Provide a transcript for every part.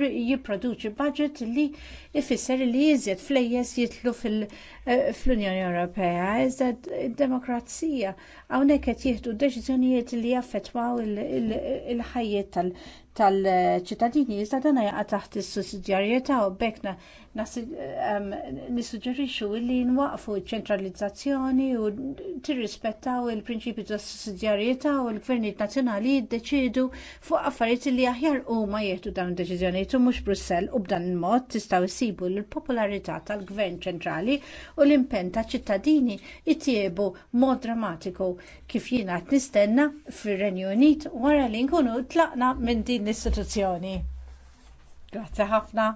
jipproduċi budget li jfisser li iżjed flejjes jidħlu eh, fl-Unjoni Ewropea. Iżda d-demokrazija hawnhekk qed jieħdu deċiżjonijiet li jaffettwaw il-ħajjiet tal-ċittadini iżda dan jaqa' taħt is-sussidjarjetà u bhekk nissuġġerixxu li nwaqfu ċ-ċentralizzazzjoni u tirrispettaw il-prinċipju tas sussidjarjetà u l-gvernijiet nazzjonali jiddeċiedu fuq affarijiet li aħjar huma jieħdu dawn id-deċiżjonijiet u mhux Brussell u b'dan il-mod tistgħu jsibu l-popolarità tal-gvern ċentrali u l-impenn taċ-ċittadini jtiebu mod drammatiku kif jiena qed nistenna fir-Renju Unit wara li nkunu tlaqna minn din din l-istituzzjoni. Grazzi ħafna.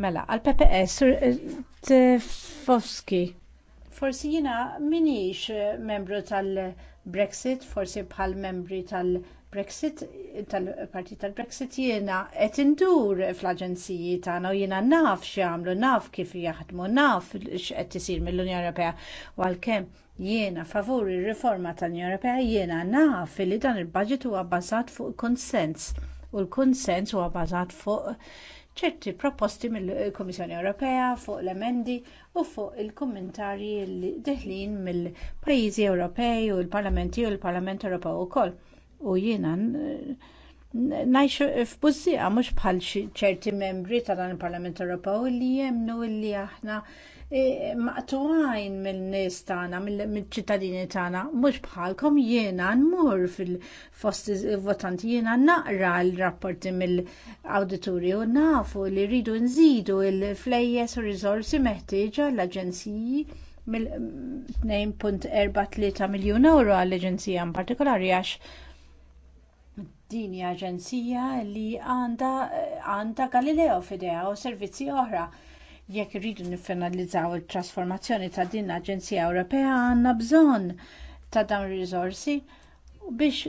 Mela, għal PPS, e, Tfoski, forsi jina minix membru tal-Brexit, forsi bħal membri tal-Brexit, tal-parti tal-Brexit jina et indur fl-aġenziji tagħna u jina naf għamlu, naf kif jaħdmu, naf x'qed isir mill-Unjoni Ewropea u għalkemm jiena favur ir-riforma tal-Unjoni Ewropea jiena naf li dan il-budget huwa bbażat fuq konsens u l-konsens huwa bbażat fuq ċerti proposti mill-Kummissjoni Ewropea fuq l-emendi u fuq il-kummentarji li deħlin mill-pajjiżi Ewropej u l-Parlamenti u l-Parlament Ewropew ukoll. U jiena najxu f'bużija mhux bħal ċerti membri ta' dan il-Parlament Ewropew li jemnu li aħna E, maqtuħajn mill-nies tagħna, mill-ċittadini tagħna, mhux bħalkom jiena nmur fil-fost votanti jiena naqra l-rapporti mill auditori u nafu li rridu nżidu il-flejjes u rizorsi meħtieġa l-aġenziji mill-2.43 miljun euro għall-aġenzija in partikolari għax din aġenzija li għandha Galileo f'idea u servizzi oħra Jekk irridu niffinalizzaw it-trasformazzjoni ta' din l-Aġenzija Ewropea għandna bżonn ta' dawn ir-riżorsi biex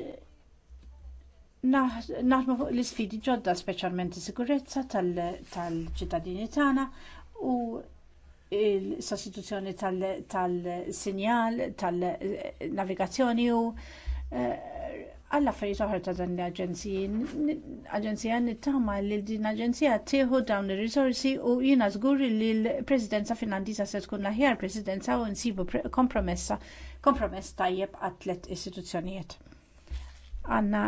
naħdmu fuq l-isfidi ġodda speċjalment is-sigurezza tal-ċittadini tagħna u l-sostituzzjoni tal-sinjal tal-navigazzjoni eh, u eh, għall affarijiet oħra ta' dan l-aġenziji. Aġenzija nittama li din aġenzija tieħu dawn ir-risorsi u jiena żgur li l-Presidenza Finlandiża se tkun l-aħjar Presidenza u nsibu kompromessa kompromess tajjeb għat tliet istituzzjonijiet. Għanna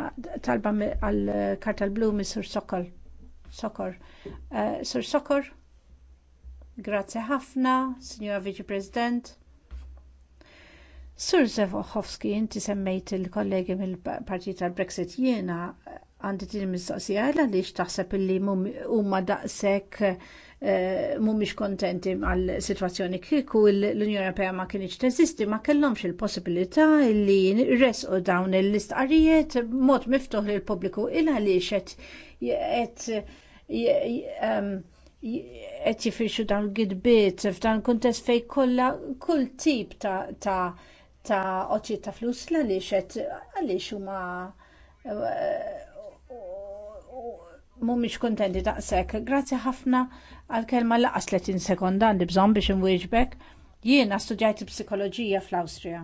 talba għal karta blu mis-Sur Sokol. Sokor. Eh, Sur Sokor, grazzi ħafna, Signora Viċi President Sur Zewachowski, inti semmejt il-kollegi mill-partit tal-Brexit jiena għandi din mistoqsija għaliex taħseb illi huma daqshekk eh, mhumiex kontenti mal-sitwazzjoni kieku l-Unjoni Ewropea ma kienx teżisti ma kellhomx il-possibilità li resqu dawn l-istqarrijiet mod miftuħ lil pubbliku il għaliex qed qed jifirxu dawn il-gidbiet f'dan kuntest fejn kollha kull tip ta' ta' oċċiet ta' flus l għaliex għaliex huma eh, mhumiex kuntenti daqshekk. Grazzi ħafna għall kelma laqas 30 sekonda għandi bżonn biex inwieġbek. Jiena studjajt psikoloġija fl-Awstrija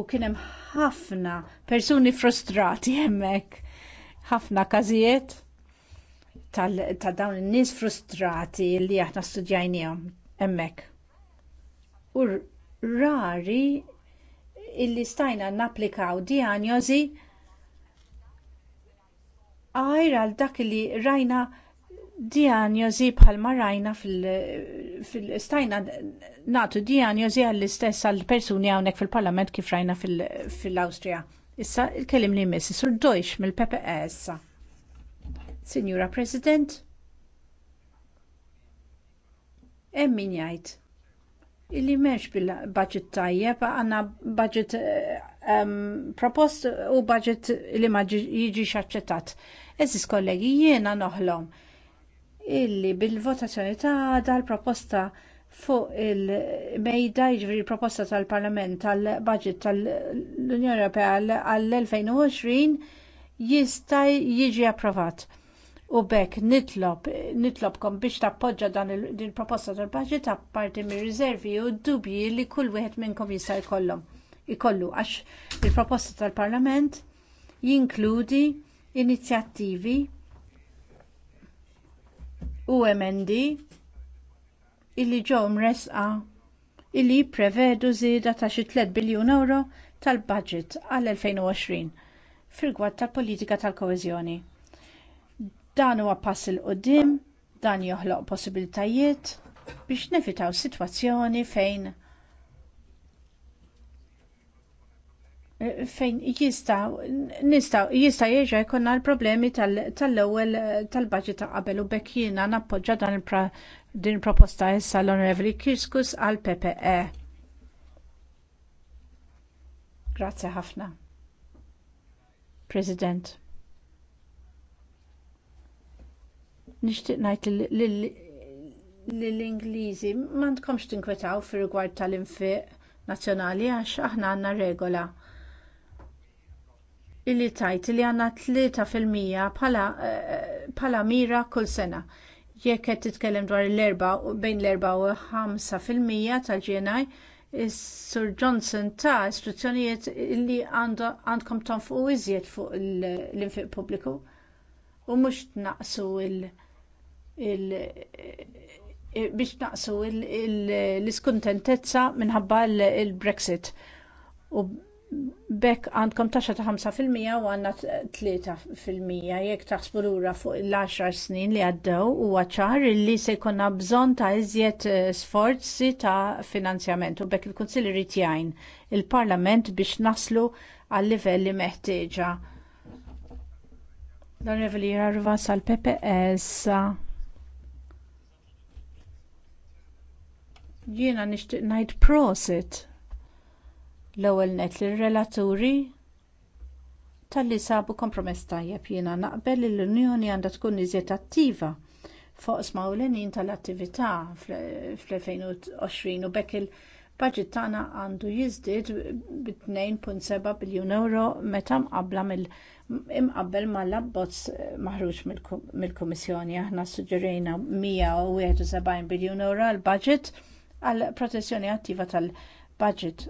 u kien hemm ħafna persuni frustrati hemmhekk. Ħafna każijiet ta' dawn in-nies frustrati li aħna studjajniehom hemmhekk. U rari illi stajna napplikaw diagnosi għajr għal dak li rajna diagnosi bħalma rajna fil-stajna fil natu diagnosi għall-istess għall-persuni għawnek fil-parlament kif rajna fil-Austria. Fil Issa il-kelim li jmiss, sur Deutsch mill-PPS. Signora President, emmin jajt illi meċ bil-budget tajjeb, għanna budget um, propost u budget li ma jiġix aċċettat. Eżis kollegi, jiena noħlom illi bil-votazzjoni ta' dal-proposta fuq il-mejda jiġri proposta tal-Parlament tal-budget tal-Unjoni Ewropea għall-2020 jista' jiġi approvat u bekk nitlob nitlobkom biex tappoġġa dan il-proposta tal-baġit apparti mir-riservi u d-dubji li kull wieħed minnkom jista' jkollhom ikollu għax il-proposta tal-Parlament jinkludi inizjattivi u emendi illi ġew mresqa illi jipprevedu żieda ta' xi 3 biljun euro tal-budget għal 2020 fil-gwad tal-politika tal-koeżjoni. Dan huwa pass il qudiem dan joħloq possibilitajiet biex nevitaw sitwazzjoni fejn fejn jistaw, nistaw, jistaw l-problemi tal ewwel tal-bagġi ta' qabel u jiena nappoġġa dan din proposta issa l-Onorevoli Kirskus għal PPE. Grazie ħafna. President. Nixtieq ngħid lill-Ingliżi m'għandkomx tinkwetaw fir-rigward tal-infiq nazzjonali għax aħna għandna regola illi tajt li għandna 3% eh, bħala mira kull sena jekk qed titkellem dwar l erba bejn l-4 u 5% tal-GNI, is-Sur Johnson ta' istruzzjonijiet li għandkom tonfqu iżjed fuq l-infiq pubbliku u mhux naqsu il eh, biex naqsu l-iskuntentezza minħabba l-Brexit. U bekk għandkom taxxa ta' 5% u għandna 3% jekk taħsbu lura fuq l-10 snin li għaddew huwa ċar li se jkollna bżonn ta' iżjed eh, sforzi ta' finanzjament u bekk il-Kunsill irid jgħin il-Parlament biex naslu għal livelli meħtieġa L-Onorevoli Jarva sal-PPS. Jiena nixtieq ngħid prosit l-ewwel net lir-relaturi talli sabu kompromess tajjeb jiena naqbel li l-Unjoni għandha tkun iżjed attiva fuq smawlenin tal-attività fl-2020 u bekk il-budget tagħna għandu jiżdied b'2.7 biljun euro meta mqabbla mill imqabbel mal-abbozz maħruġ mill-Kummissjoni aħna suġġerejna 171 biljun euro għal budget għal protezzjoni attiva tal-budget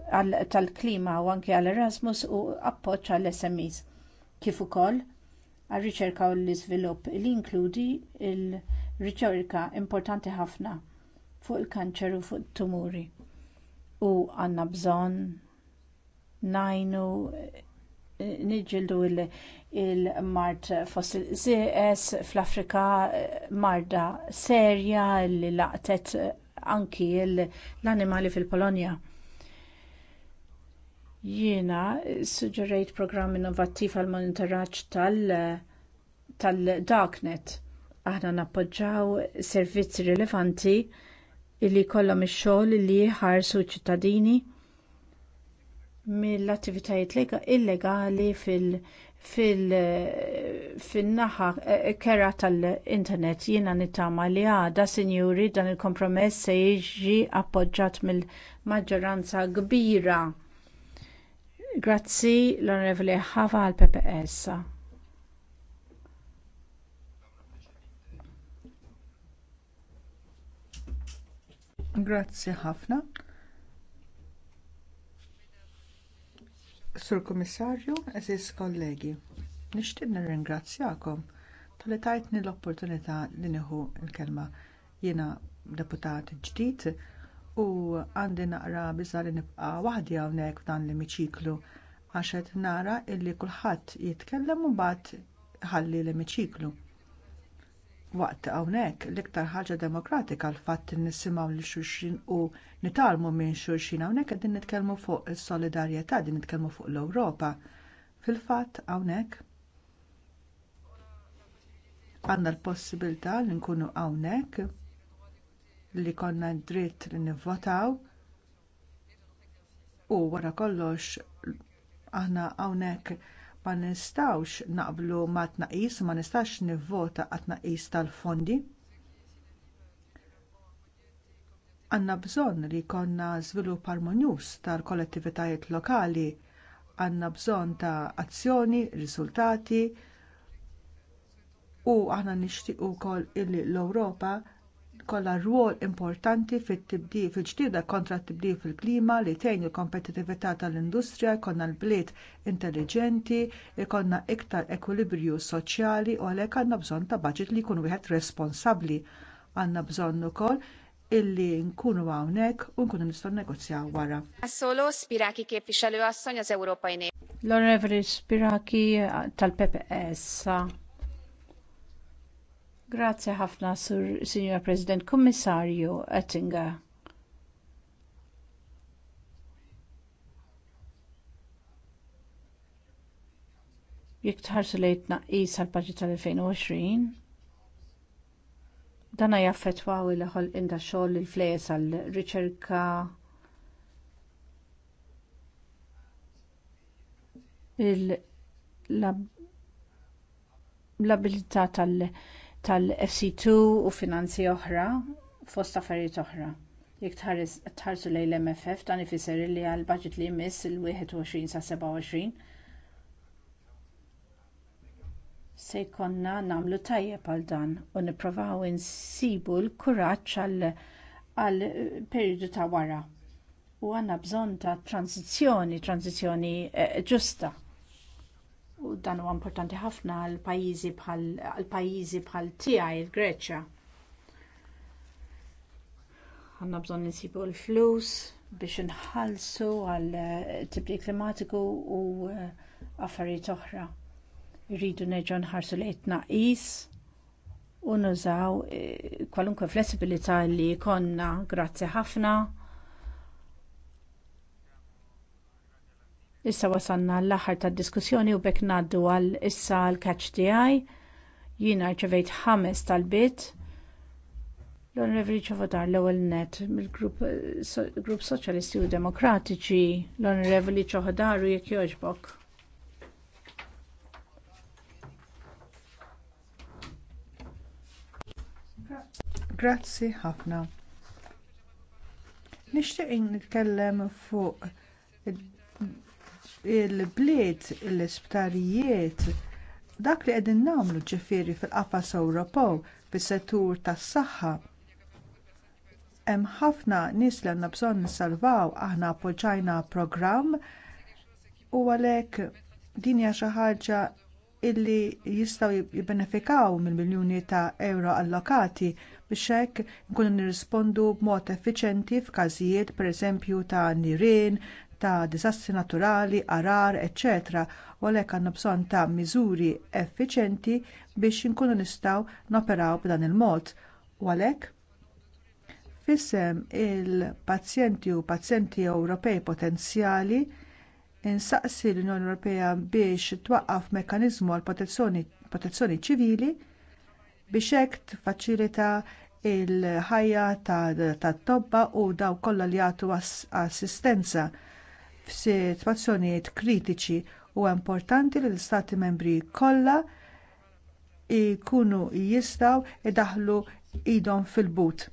tal-klima u anke għal Erasmus u appoġġ għal SMEs. Kif ukoll għal riċerka u l-iżvilupp li inkludi l riċerka importanti ħafna fuq il-kanċer u fuq it-tumuri. U għandna bżonn najnu niġġieldu il-mart fossil ZS fl-Afrika marda serja li laqtet anki l-animali fil-Polonja. Jiena suġġerejt programm innovattiv għal monitoraġġ tal-Darknet. Aħna nappoġġaw servizzi rilevanti li jkollhom ix-xogħol li jħarsu ċittadini mill-attivitajiet illegali fin-naħa eh, kera tal-internet jiena nittama li għada sinjuri dan il-kompromess se jiġi appoġġjat mill-maġġoranza kbira grazzi l-onorevoli ħava għall pps Grazzi ħafna. Sur Kummissarju, eżis kollegi, nixtieq nirringrazzjakom tal-li tajtni l-opportunità li nieħu l-kelma jiena deputat ġdid u għandi naqra biża li nibqa' waħdi hawnhekk f'dan l-emiċiklu għax qed nara illi kulħadd jitkellem u mbagħad ħalli l-emiċiklu waqt hawnhekk l-iktar ħaġa demokratika l-fatt li nisimgħu lil xulxin u nitalmu minn xulxin hawnhekk qegħdin nitkellmu fuq is-solidarjetà din nitkellmu fuq l-Ewropa. Fil-fatt hawnhekk għandna l-possibilità li nkunu hawnhekk li konna dritt li nivvotaw u wara kollox aħna hawnhekk ma nistawx naqblu ma tnaqis, ma nistax nivvota għat tnaqqis tal-fondi. Għanna bżonn li jkollna żvilupp armonjus tal-kollettivitajiet lokali, għandna bżonn ta' azzjoni, riżultati u aħna nixtiequ wkoll illi l-Ewropa kollha rwol importanti fit-tibdil fil-ġdida kontra t-tibdil fil-klima li tgħin il-kompetitività tal-industrija, jkollna l-bliet intelligenti, jkollna iktar ekwilibrju soċjali u għalhekk għandna bżonn ta' baġit li jkun wieħed responsabbli. Għandna bżonn ukoll illi nkunu hawnhekk u nkunu nistgħu negozjaw wara. Solo Spiraki képviselő asszony z Ewropa jnej. L-Onorevoli Spiraki eh, tal-PPS Grazzi ħafna, Sur President, Kommissarju Ettinger. Jek tħarsu li jitnaqqis għal-paġi tal-2020, dana jaffetwaw il-ħol inda xogħol il-flejes għal-riċerka l-abilità tal- tal-FC2 u finanzi oħra fost affarijiet oħra. Jekk tħarsu lejn l-MFF dan ifisser li għall budget li jmiss il-21 sa 27 se jkollna nagħmlu tajjeb għal dan u nippruvaw insibu l-kuraġġ għal perjodu ta' wara. U għandna bżonn ta' transizzjoni, transizzjoni eh, ġusta u dan huwa importanti ħafna għal pajjiżi bħal għal pajjiżi bħal tiegħi il-Greċja. Għandna bżonn insibu l-flus biex inħallsu għal eh, tibdil klimatiku u eh, affarijiet oħra. Irridu nerġgħu nħarsu li qed naqis u nużaw eh, kwalunkwe flessibilità li jkollna. Grazzi ħafna. Issa wasanna l-aħħar tad-diskussjoni u bekk ngħaddu għal issa l catch DI. Jiena rċevejt ħames talbiet. L-Onorevoli Ċavodar l-ewwel net mill-Grupp eh, grupp Soċjalisti u Demokratiċi, l-Onorevoli Ċahodaru jekk jogħġbok. Grazzi ħafna. Nixtieq nitkellem fuq il-bliet, l-isptarijiet, dak li qegħdin nagħmlu ġifieri fil-qafas Ewropew fis-settur tas-saħħa hemm ħafna nies li għandna bżonn nissalvaw aħna appoġġajna programm u għalhekk din hija xi ħaġa illi jistgħu jibbenefikaw mill miljuni ta' euro allokati biex hekk nkunu nirrispondu b'mod effiċjenti f'każijiet pereżempju ta' nirien, ta' disassi naturali, arar, ecc. u għalhekk għandna bżonn ta' miżuri effiċjenti biex inkunu nistgħu noperaw b'dan il-mod. U għalhekk fissem il-pazjenti u pazjenti Ewropej potenzjali insaqsi l-Unjoni Ewropea biex twaqqaf mekkaniżmu għal protezzjoni ċivili biex hekk tfaċilita l ħajja tat-tobba u dawk kollha li jagħtu assistenza f'sitwazzjonijiet kritiċi u importanti li l-istati membri kollha jkunu jistgħu jdaħħlu idhom fil-but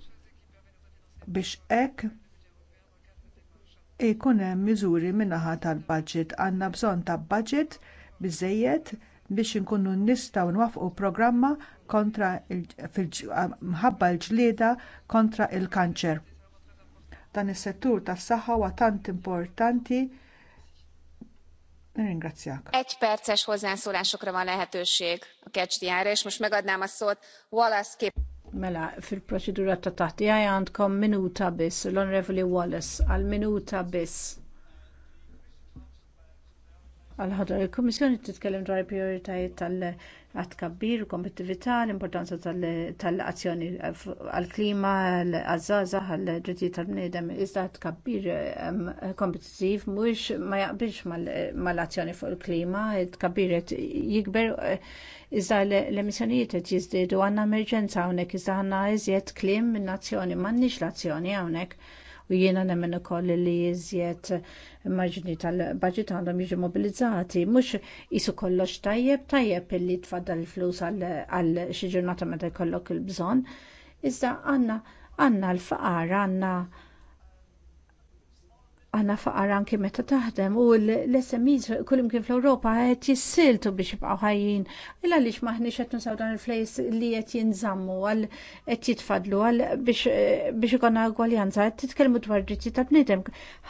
biex hekk ikun hemm miżuri min-naħa tal-baġit għandna bżonn ta' baġit biżżejjed biex inkunu nistgħu nwaffqu programma kontra mħabba l-ġlieda kontra l-kanċer dan is-settur tas-saħħa huwa tant importanti Nirringrazzjak. Egy perces hozzászólásokra van lehetőség a kecsdiára, és most megadnám a szót Wallace kép. Mela, fil procedura ta' taħti għaj għandkom minuta biss, l-Onrevoli Wallace, għal minuta biss. Għal ħadar, il-Komissjoni titkellem dwar prioritajiet tal- għat kabbir, kompetitività, l-importanza tal-azzjoni għal-klima, għal-azzaza, għal Drittijiet tal-bnedem, iżda għat kabbir kompetitiv, mux ma jaqbilx mal-azzjoni fuq il-klima, għat kabbir għat jikber, iżda l-emissjonijiet għat jizdidu għanna emerġenza għonek, iżda għanna iżjed klim minn azzjoni, mannix l-azzjoni għonek u jiena nemmen ukoll li jiżjed maġni tal-baġit għandhom jiġu mobilizzati mhux isu kollox tajjeb tajjeb illi tfaddal il-flus għal xi ġurnata meta jkollok il-bżonn iżda għandna għandna l-faqar għandna għanna faqar anki meta taħdem u l-SMEs kullim kien fl-Europa għet jissiltu biex jibqaw ħajjin. Illa li xmaħni għet nusaw dan il-flejs li għet jinżammu għal għet jitfadlu għal biex ikonna għaljanza għet titkelmu dwar dritti ta' bnidem.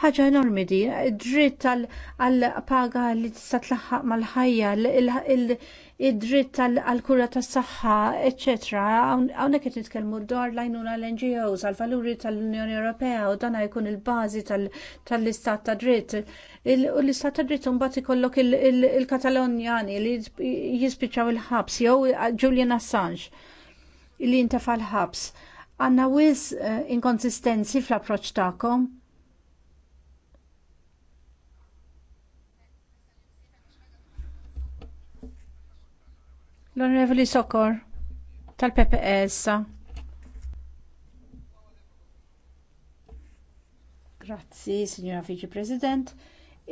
ħagġa enormi di, dritt għal paga li tista' tlaħħaq mal-ħajja, id-dritt għal-kura tas saħħa etc. Hawnhekk qed nitkellmu dwar l-għajnuna l-NGOs, għal-valuri tal-Unjoni Ewropea u dan jkun il bażi tal-istat ta' dritt. U l-istat ta' dritt mbagħad ikollok il-Katalonjani li jispiċċaw il-ħabs jew Julian Assange li jintafa l-ħabs. Għandna wis eh, inkonsistenzi fl approċċ tagħkom L-Onorevoli Sokor tal-PPS. E Grazzi, Signora Vice President.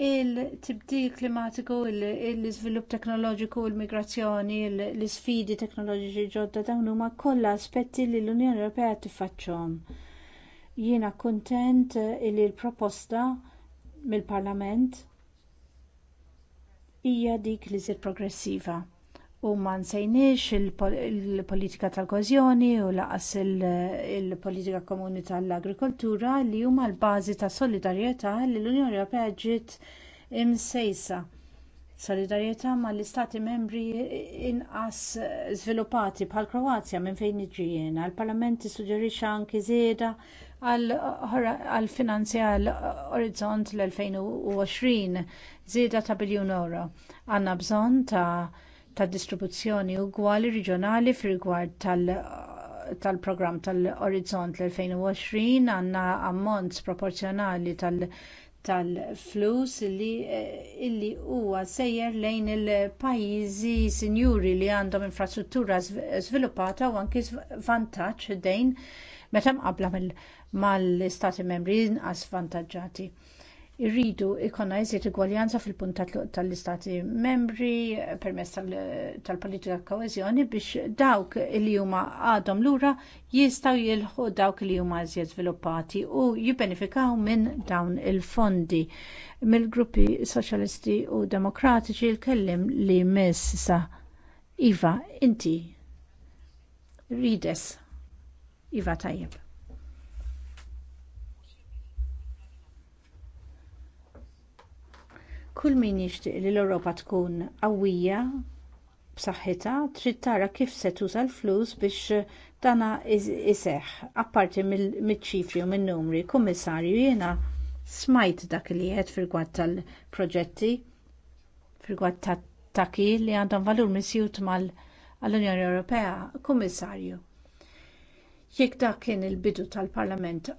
Il-tibdil klimatiku, l-iżvilupp teknoloġiku, l-migrazzjoni, l-isfidi teknoloġiċi ġodda dawn huma kollha aspetti li l-Unjoni Ewropea tiffaċċhom. Jiena kuntent li l-proposta mill-Parlament hija dik li progressiva u ma nsejniex il-politika tal-kożjoni u laqas il-politika komuni tal-agrikoltura li huma l-bażi ta' solidarjetà li l-Unjoni Ewropea ġiet imsejsa solidarjetà mal-istati membri inqas żviluppati bħall Kroazja minn fejn jiġi Il-Parlament issuġġerixxa anki żieda għal finanzja Orizzont l-2020 żieda ta' biljun euro. Għandna bżonn ta' ta' distribuzzjoni ugwali reġjonali fir-rigward tal-programm tal-Orizzont l-2020 għandna ammont sproporzjonali tal-flus eh, illi huwa sejjer lejn il-pajjiżi sinjuri li għandhom infrastruttura żviluppata u anki vantaġġ dejn meta mqabbla mal-istati membri inqas vantaġġati irridu jkollna jżid igwaljanza fil punt tal-istati membri eh, permezz tal-politika ta' koeżjoni biex dawk li huma għadhom lura jistgħu jilħqu dawk li huma iżjed żviluppati u jibbenefikaw minn dawn il-fondi mill-gruppi soċjalisti u demokratiċi l-kellim li miss sa iva inti rides iva tajjeb Kull min jixtieq li l-Ewropa tkun qawwija b'saħħitha trid tara kif se tuża l-flus biex dana iseħħ apparti mill-ċifri u min-numri. Kummissarju jiena smajt dak li qed fil-gwatt tal-proġetti fil-gwatt ta' taki li għandhom valur misjut mal-Unjoni Ewropea. Kummissarju, jekk dak kien il-bidu tal-Parlament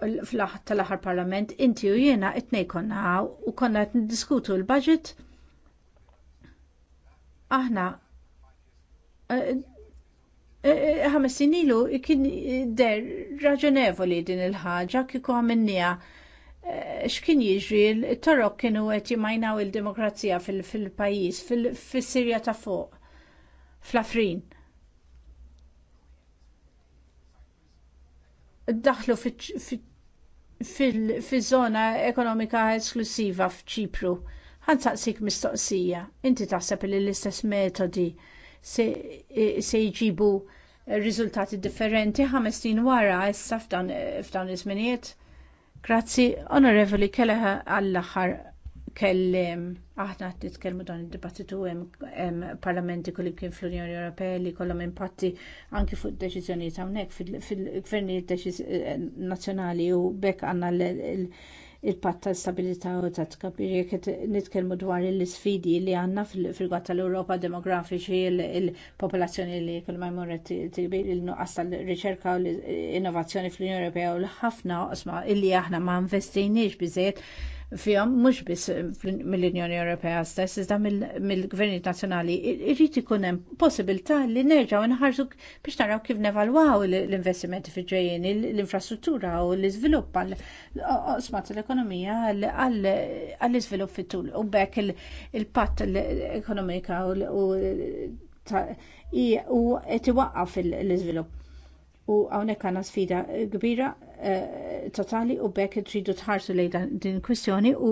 tal-aħħar parlament inti u jiena it-nej konna u konna qed niddiskutu l-budget aħna eh, eh, ħames ilu kien der raġonevoli din il-ħaġa kieku għamennija eh, x'kien jiġri t-torok kienu qed jimajnaw il-demokrazija fil-pajjiż fis-Sirja ta' fuq fl-Afrin daħlu fil-żona ekonomika esklusiva f'ċipru. Għan saqsik mistoqsija, inti taħseb li l-istess metodi se jġibu riżultati differenti ħames snin wara issa f'dan iż-żminijiet. Grazzi, Onorevoli Keleħa għall-aħħar kellim aħna qed nitkellmu dan id-dibattitu hemm parlamenti kien fl-Unjoni Ewropea li jkollhom impatti anki fuq deċiżjonijiet hawnhekk fil-gvernijiet nazzjonali u bekk għandna il-patt ta' stabilità u ta' tkabbir jekk nitkellmu dwar il isfidi li għandna fil-rigward tal-Ewropa demografiċi il-popolazzjoni li kull ma jmur il-nuqqas tal-riċerka u l-innovazzjoni fl-Unjoni Ewropea u l-ħafna osma illi aħna ma investejniex biżejjed fihom mhux biss mill-Unjoni Ewropea stess, iżda mill-Gvernijiet Nazzjonali, irrid ikun hemm possibilità li nerġgħu nħarsu biex naraw kif nevalwaw l-investimenti fi ġejjin, l-infrastruttura u l-iżvilupp għal-osmat l-ekonomija għall-iżvilupp fit-tul u bekk il-patt l-ekonomika u qed iwaqqaf l-iżvilupp. U hawnhekk għandna sfida kbira Eh, totali u bekk tridu tħarsu lejn din il-kwistjoni u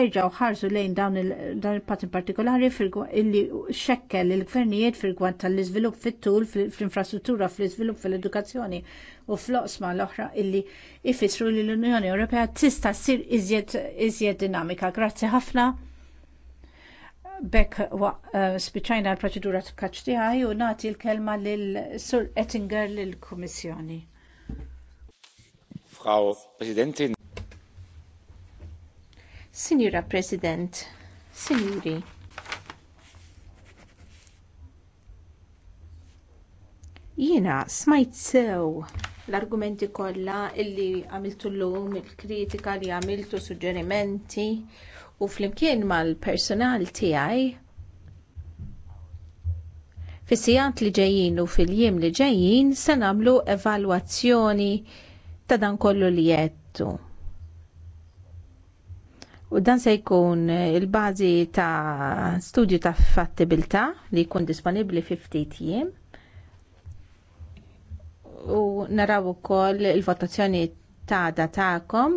erġaw ħarsu lejn dawn il-patin partikolari illi xekkel il-gvernijiet fil-gwant tal-izvilup fit-tul, fil-infrastruttura, fil-izvilup fil-edukazzjoni u fl-oqsma l-oħra illi ifissru li l-Unjoni Ewropea tista ssir iżjed dinamika. Grazzi ħafna. Bekk eh, spiċajna l-proċedura t-kaċ u nagħti l-kelma l Sur Ettinger lill-Kummissjoni. Frau Präsidentin. Signora President, Signori. Jiena smajt sew l-argumenti kollha illi għamiltu llum il-kritika li għamiltu suġġerimenti u flimkien mal-personal tiegħi fis-sigħat li ġejjin u fil-jiem li ġejjin se nagħmlu evalwazzjoni ta' dan kollu li jettu. U dan se jkun il-bazi ta' studju ta' fattibilta li jkun disponibli fi ftit jiem. U naraw ukoll il-votazzjoni ta' datakom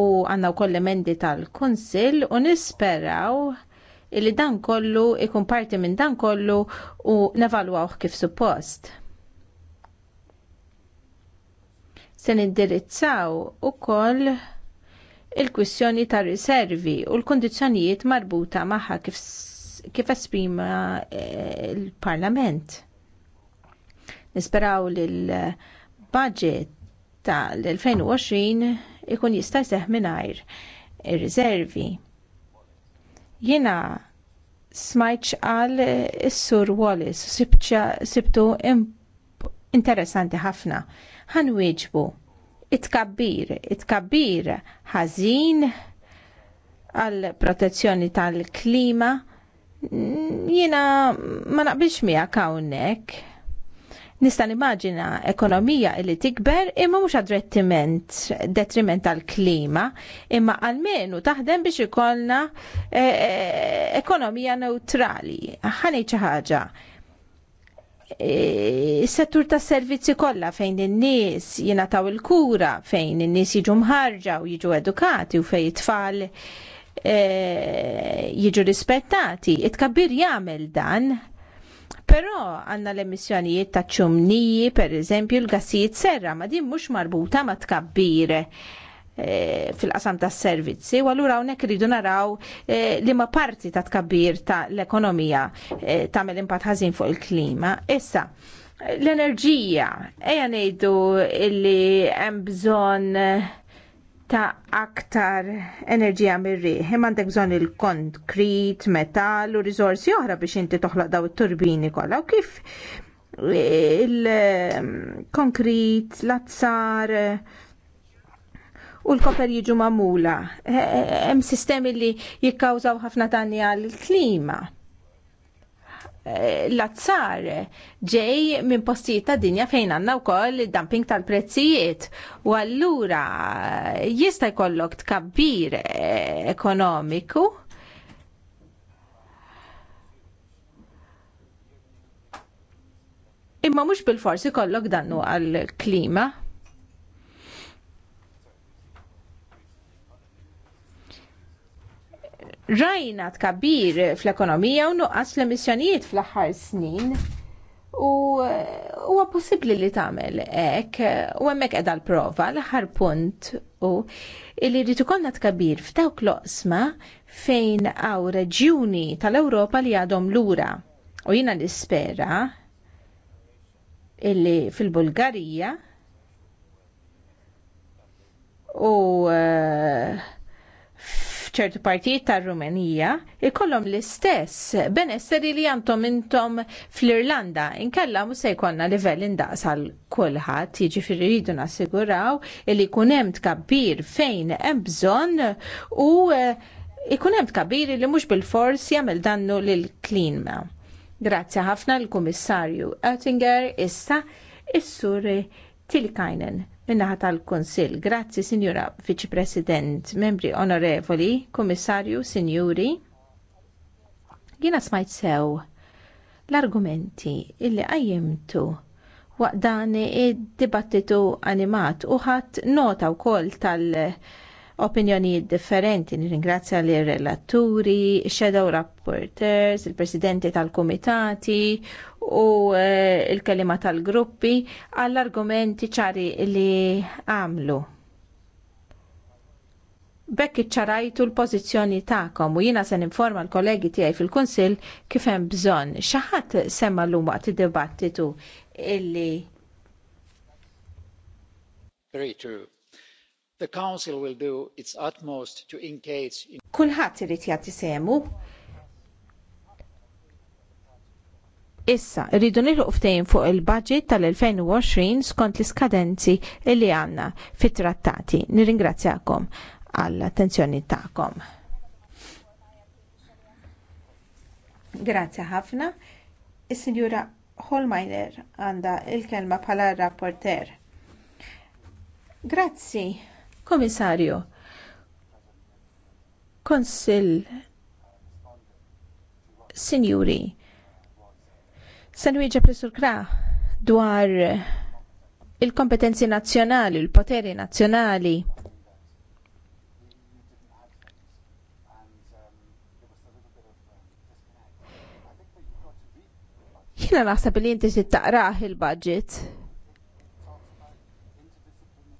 u għanna wkoll emendi tal-Kunsill u nisperaw li dan kollu ikun parti minn dan kollu u nevalwaw kif suppost. se nindirizzaw ukoll il-kwissjoni ta' riservi u l kundizzjonijiet marbuta magħha kif, kif esprima eh, il-Parlament. Nisperaw li l-budget ta' l-2020 ikun jista' jseħħ mingħajr ir-riservi. Jiena smajċ għal is-Sur Wallis sibtu interessanti ħafna ħanwieġbu. It-kabbir, it-kabbir ħażin għal protezzjoni tal-klima jiena ma naqbilx miegħek hawnhekk. Nista' nimmaġina ekonomija li tikber imma mhux għad detriment tal-klima, imma għalmenu taħdem biex ikollna eh, eh, ekonomija neutrali. Ħanej xi ħaġa. Is-settur e, tas servizzi kollha fejn in-nies jingħataw il-kura, fejn in-nies jiġu mħarġa u jiġu edukati u fejn it-tfal e, jiġu rispettati. It-kabbir jagħmel dan, però għandna l-emissjonijiet ta' ċumniji, pereżempju l-gassijiet serra, ma din mhux marbuta ma' tkabbir. Eh, fil-qasam tas servizzi u allura hawnhekk iridu naraw eh, li ma parti ta' tkabbir ta' l-ekonomija eh, tagħmel impatt ħażin fuq il-klima. Issa, l-enerġija, eja ngħidu li hemm bżonn ta' aktar enerġija mir-riħ, imma għandek bżonn il-konkrit, metal u riżorsi oħra biex inti toħloq daw it-turbini kollha u kif il-konkrit, l-azzar, u l-koper jiġu mamula. Hemm sistemi li jikkawżaw ħafna danni għall-klima. E, l-azzar ġej minn postijiet ta' dinja fejn għandna wkoll id dumping tal-prezzijiet u allura jista' jkollok tkabbir e, ekonomiku imma mhux bil-forsi kollok dannu għall-klima. rajna tkabbir fl-ekonomija u nuqqas l-emissjonijiet fl-aħħar snin u eh, huwa possibbli li tagħmel hekk u hemmhekk qiegħda l-prova l-aħħar punt u li rrid ikollna tkabbir f'dawk l-oqsma fejn hawn reġjuni tal-Ewropa li għadhom lura. U jiena nispera illi fil-Bulgarija u eh, f'ċertu partijiet tar rumenija ikollhom l-istess benesseri li għandhom intom fl-Irlanda inkella mhux se jkollna livell indaqs għal kulħadd, jiġifieri rridu nassiguraw li jkun hemm tkabbir fejn hemm bżonn u ikun eh, hemm tkabbir li mhux bil-fors jagħmel dannu lill-klima. Grazzi ħafna l-Kummissarju Oettinger issa is-sur Tilikainen minnaħa tal-Konsil. Grazzi, Sinjura Viċi President, membri onorevoli, Komissarju, Sinjuri. Jina smajt sew l-argumenti illi għajjimtu waqt dan id-dibattitu animat u ħadd nota wkoll tal- opinjonijiet differenti. Nirringrazzja li relaturi, shadow rapporters, il-presidenti tal-komitati u eh, il-kelima tal-gruppi għall-argumenti ċari li għamlu. Bekk iċċarajtu l-pożizzjoni tagħkom u jiena se informa l-kollegi tiegħi fil-Kunsill kif hemm bżonn. Xi ħadd semma l waqt id-dibattitu illi true. The Council will do its utmost to engage in Kulħadd irid jagħti semu. Issa, rridu nilqu ftehim fuq il-budget tal-2020 skont l-iskadenzi li għandna fit-trattati. Nirringrazzjakom għall-attenzjoni tagħkom. Grazzi ħafna. Is-Sinjura Holmeiner għandha l kelma bħala rapporter. Grazzi, Komissarju, Konsil, Sinjuri, Sanwiġa Presur Kra dwar il-kompetenzi nazzjonali, il-poteri nazzjonali. Jiena naħseb li inti taqraħ il-budget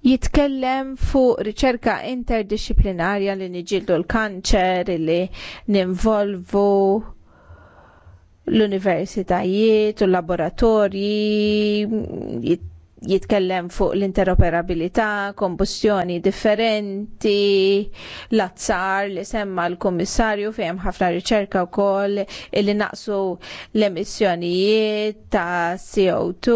jitkellem fuq riċerka interdisciplinarja li niġildu l-kanċer, li ninvolvu l-universitajiet u laboratorji, jitkellem fuq l-interoperabilità, kombustjoni differenti, l-azzar li semma l-Komissarju fejn ħafna riċerka wkoll li naqsu l-emissjonijiet ta' CO2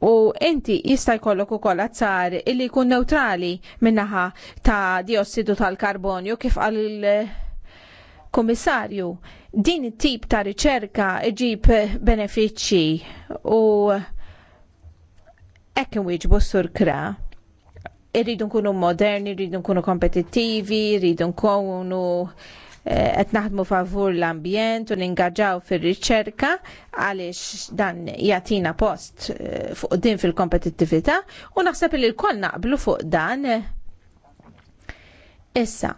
u inti jista' jkollok ukoll azzar illi jkun neutrali min-naħa ta' diossidu tal-karbonju kif għal komissarju din it-tip ta' riċerka iġib benefiċċji u hekk inwieġbu sur kra irridu nkunu moderni, irridu nkunu kompetittivi, irridu nkunu qed naħdmu favur l-ambjent u ningaġġaw fir-riċerka għaliex dan jagħtina post eh, fuq din fil-kompetittività u naħseb li l-koll naqblu fuq dan. Issa,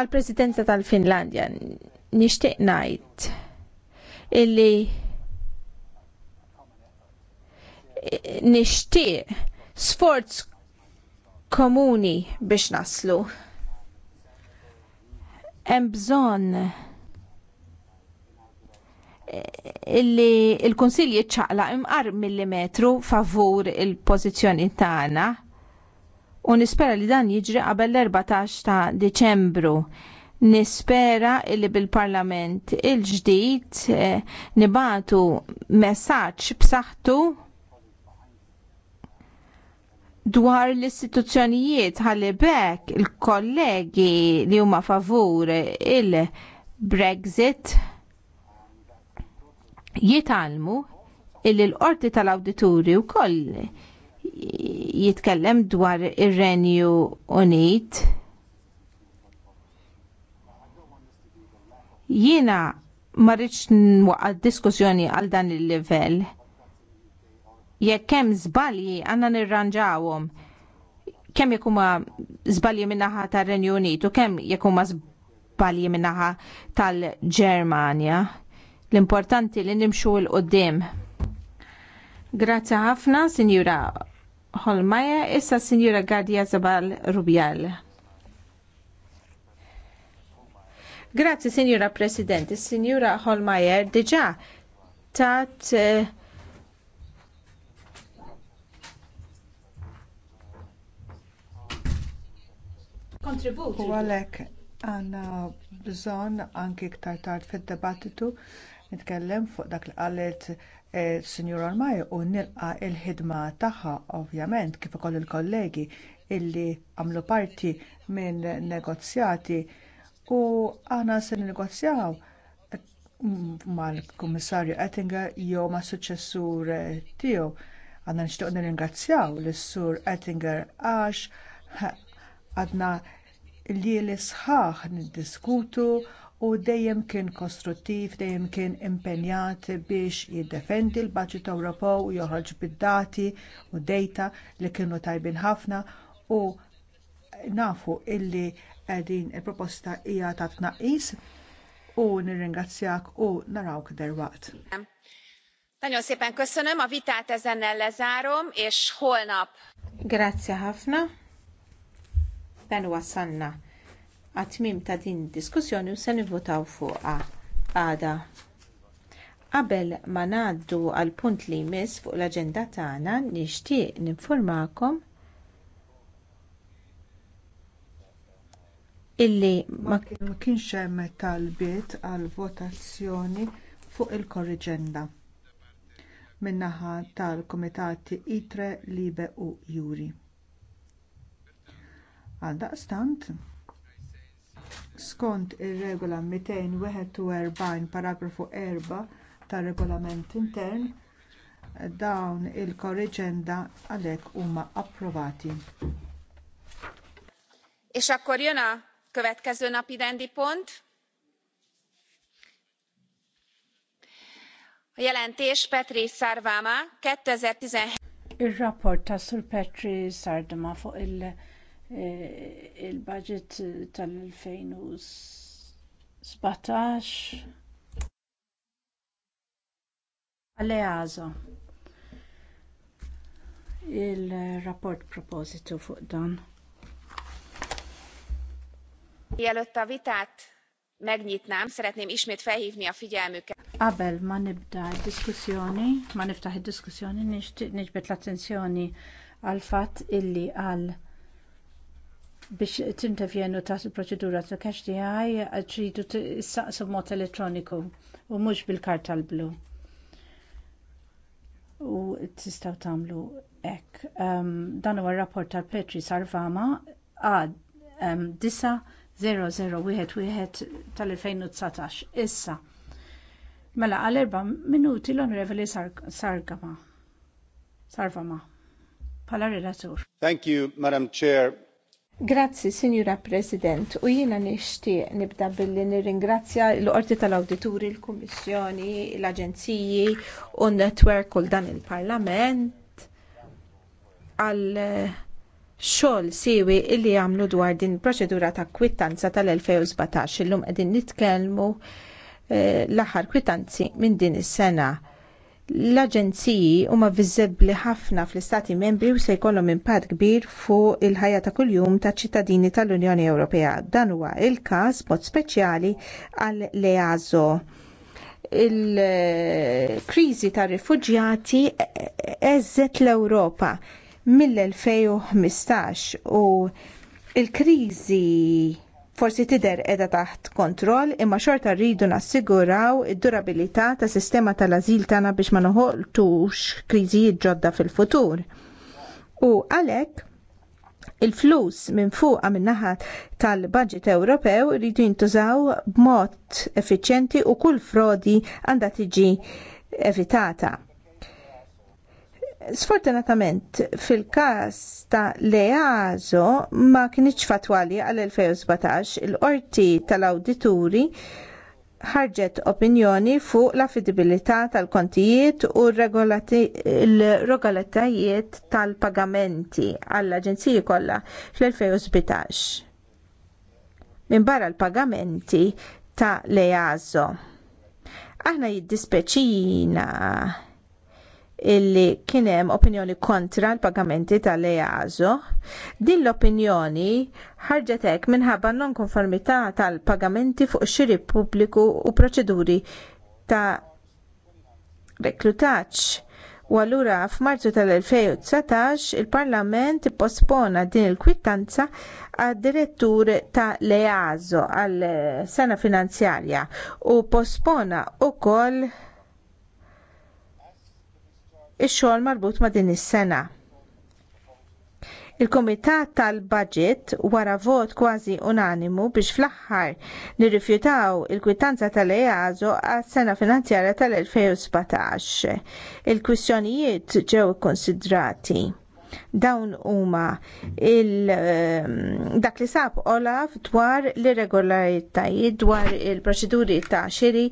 għal-presidenza tal-Finlandja nixtieq ngħid illi nixtieq sforz komuni biex naslu. Hemm bżonn eh, illi l kunsilj jiċċaqla imqar millimetru favur il-pożizzjoni tagħna u nispera li dan jiġri qabel l-14 ta' Deċembru. Nispera illi bil-Parlament il-ġdid eh, nibatu messaġġ b'saħħtu dwar l-istituzzjonijiet ħalli bekk il-kollegi li huma favur il-Brexit jitalmu illi l-qorti tal-awditurju wkoll jitkellem dwar ir-Renju Unit. Jiena ma rridx nwaqqa' diskussjoni għal dan il-livell jekk hemm żbalji għandna nirranġawhom kemm jekk huma żbalji min tar-Renju Unit u kemm jekk huma żbalji min tal-Ġermanja. L-importanti li nimxu l qoddim Grazzi ħafna, Sinjura Holmaja, issa Sinjura Gadia Zabal Rubjal. Grazzi, Sinjura President, Sinjura Holmaja, diġa tat uh, U għalhekk għandna bżonn anki iktar tard fid-dibattitu nitkellem fuq dak li qalet eh, Sinjur Ormai u nilqa il-ħidma tagħha ovvjament kif ukoll il-kollegi illi għamlu parti minn negozjati u aħna se negozjaw mal-Kummissarju Ettinger jew mas suċessur tiegħu. Għandna nixtieq nirringrazzjaw lis sur Ettinger għax għadna li l-isħaħ niddiskutu u dejjem kien kostruttiv, dejjem kien impenjat biex jiddefendi l-Baġit Ewropew u joħroġ bid-dati u dejta li kienu tajbin ħafna u nafu illi din il-proposta hija ta' tnaqqis u nirringrazzjak u narawk derwaqt. Nagyon szépen köszönöm, a vitát ezennel lezárom, és holnap. Grazie ħafna. Pen wasalna għat-tmiem ta' din id diskussjoni u se nivvotaw fuqha għada. Qabel ma ngħaddu għall punt li jmiss fuq l-aġenda tagħna nixtieq ninformakom illi ma kienx hemm talbiet għal votazzjoni fuq il-korriġenda min-naħa tal-kumitati itre libe u juri Għaldaqstant, skont ir-regola 241 paragrafu 4 tar-regolament intern, dawn il-korriġenda għalhekk huma approvati. Ir-rapport ta' Sur Petri Sardama fuq il- Eh, il-budget tal-2017 għal easa il-rapport propositu fuq dan. Mielőtt a vitát megnyitnám, szeretném ismét felhívni a figyelmüket. Qabel ma nibda diskussjoni, ma niftaħ diskussjoni, nix, nixbet l-attenzjoni għal -fat illi għal biex tintervjenu taħt il-proċedura ta' kax tiegħi tridu tissaqsu b'mod elettroniku u mhux bil-karta l-blu. U tistgħu tagħmlu hekk. Um, dan huwa r-rapport tal-Petri Sarvama għad um, 9-001 tal-2019. Issa, mela għal erba minuti l-Onorevoli Sargama. Sarvama. bħala relatur. Thank you, Madam Chair. Grazzi, Signora President, u jiena nixtieq nibda billi nirringrazzja l-Qorti tal-Awdituri, l-Kummissjoni, l-Aġenziji u n-netwerk u dan il-Parlament għal eh, xogħol siewi illi għamlu dwar din proċedura ta' kwittanza tal-2017 illum qegħdin nitkellmu eh, l-aħħar kwitanzi minn din is-sena l-aġenziji huma viżibbli ħafna fl-istati membri u se jkollhom impatt kbir fuq il-ħajja ta' kuljum taċ ċittadini tal-Unjoni Ewropea. Dan huwa il-każ mod speċjali għal leazo il-kriżi tar rifuġjati eżet l-Ewropa mill-2015 u il-kriżi forsi tidher qiegħda taħt kontroll imma xorta rridu nassiguraw id-durabilità tas sistema tal-azil tagħna biex ma noħoltux kriżijiet ġodda fil-futur. U għalhekk il-flus minn fuqa min-naħa tal-budget Ewropew rridu jintużaw b'mod effiċjenti u kull frodi għandha tiġi evitata. Sfortunatament, fil-kas ta' Leazo ma kienieċ fatwali għal-2017 il-qorti tal-awdituri ħarġet opinjoni fuq l-affidibilità tal-kontijiet u l-regolatajiet tal-pagamenti għall-Aġenziji kollha fl-2017. Minn barra l-pagamenti ta' Leazo. Aħna jiddispeċina illi kien hemm opinjoni kontra l-pagamenti tal-EASO. Din l-opinjoni ħarġet hekk minħabba non-konformità tal-pagamenti fuq xiri pubbliku u proċeduri ta' reklutaġġ. U allura f'Marzu tal-2019 il-Parlament ippospona din il-kwittanza għad direttur ta' Leazo għal sena finanzjarja u pospona wkoll ix-xogħol marbut ma' din is-sena. Il-Kumitat tal-Budget wara vot kważi unanimu biex fl-aħħar nirrifjutaw il-kwitanza tal-EASO għas-sena finanzjarja tal-2017. Il-kwistjonijiet ġew ikkonsidrati dawn huma ehm, dak li sab Olaf dwar l-irregolaritajiet dwar il-proċeduri ta' xiri,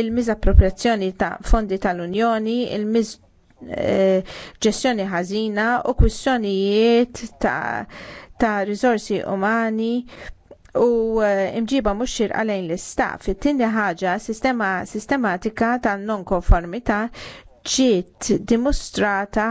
il-miżappropriazzjoni ta' fondi tal-Unjoni, il-miż Eh, ġestjoni ħażina u kwistjonijiet ta', ta risorsi umani u eh, imġiba mhux xir għalajn l-istaff. It-tieni ħaġa sistema sistematika ta' non-konformità ġiet dimostrata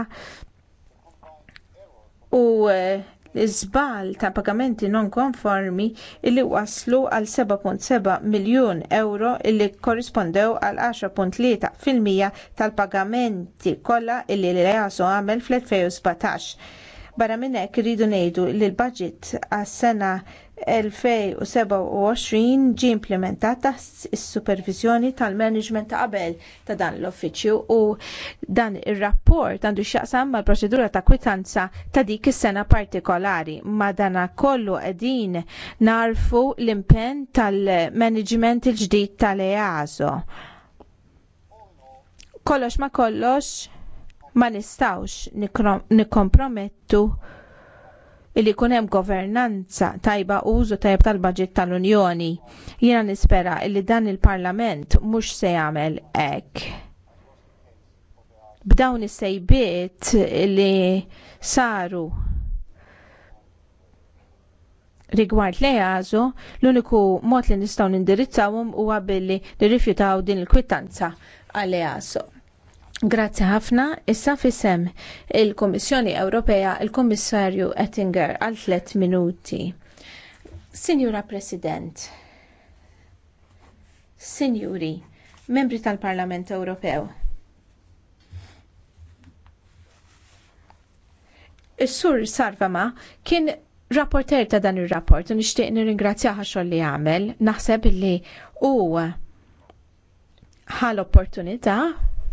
u eh, L-iżball ta' pagamenti non konformi illi waslu għal 7.7 miljun euro illi korrispondew għal 10.3 fil-mija tal-pagamenti kollha illi l-EASO għamel fl-2017. Barra minn hekk iridu ngħidu li l-budget għas-sena 2027 ġie implementat taħt is-supervizjoni tal-management ta' qabel ta' dan l-offiċju u dan ir-rapport għandu x'jaqsam mal-proċedura ta' kwitanza ta' dik is-sena partikolari. Madana kollu qegħdin narfu l-impenn tal-management il-ġdid tal-EASO. Kollox ma kollox ma nistawx nikkompromettu illi jkun hemm governanza tajba użu tajb tal-budget tal-Unjoni. Jiena nispera illi dan il-Parlament mhux se jagħmel hekk. B'dawn is-sejbiet li saru rigward li għazu, l-uniku mod li nistgħu nindirizzawhom huwa billi nirrifjutaw din il-kwittanza għal-EASO. Grazzi ħafna. Issa fisem il-Kommissjoni Ewropea il-Kommissarju Ettinger għal tliet minuti. Sinjura President, Sinjuri, membri tal-Parlament Ewropew. Is-sur Sarvama kien rapporter ta' dan ir-rapport u nixtieq nirringrazzjaha xogħol li għamel, naħseb li u ħal opportunità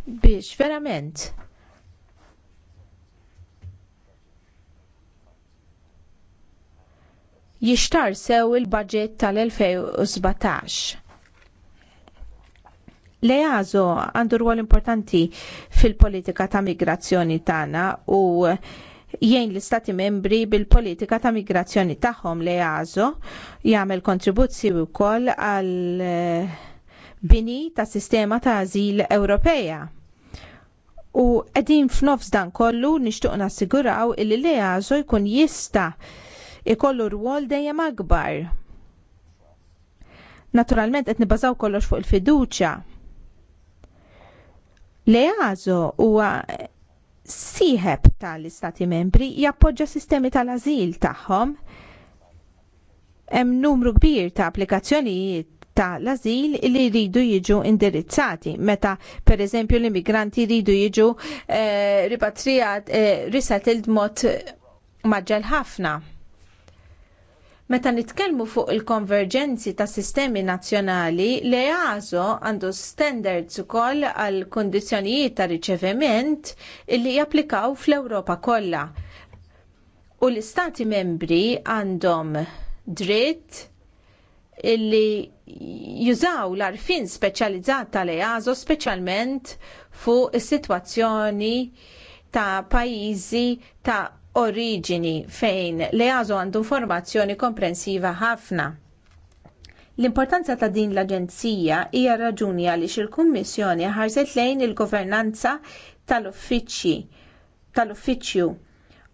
biex verament jixtar sew il-budget tal-2017. L-EASO għandu rwol importanti fil-politika ta' migrazzjoni tagħna u jgħin l-Istati membri bil-politika ta' migrazzjoni tagħhom l-EASO jagħmel kontribuzzi wkoll għal uh, bini ta' sistema ta' azil Ewropea. U qegħdin f'nofs dan kollu nixtieq nassiguraw li l jkun jista' ikollu rwol dejjem akbar. Naturalment qed nibbażaw kollox fuq il-fiduċja. L-EASO huwa sieħeb tal-istati membri jappoġġa sistemi tal-azil tagħhom hemm numru kbir ta' applikazzjonijiet ta' l-azil li jridu jiġu indirizzati. Meta, per eżempju, l-immigranti jridu jiġu eh, ripatrijat, eh, risettled mod maġġel ħafna. Meta nitkellmu fuq il-konverġenzi ta' sistemi nazzjonali, le għazo għandu standards ukoll għal kundizzjonijiet ta' riċeviment li japplikaw fl-Ewropa kollha. U l-istati membri għandhom dritt illi jużaw l-arfin speċjalizzat tal-EASO speċjalment fuq is-sitwazzjoni ta' pajjiżi ta' oriġini fejn l-EASO għandu formazzjoni komprensiva ħafna. L-importanza ta' din l-Aġenzija hija raġuni għaliex il-Kummissjoni ħarset lejn il-governanza tal-uffiċċju tal-uffiċċju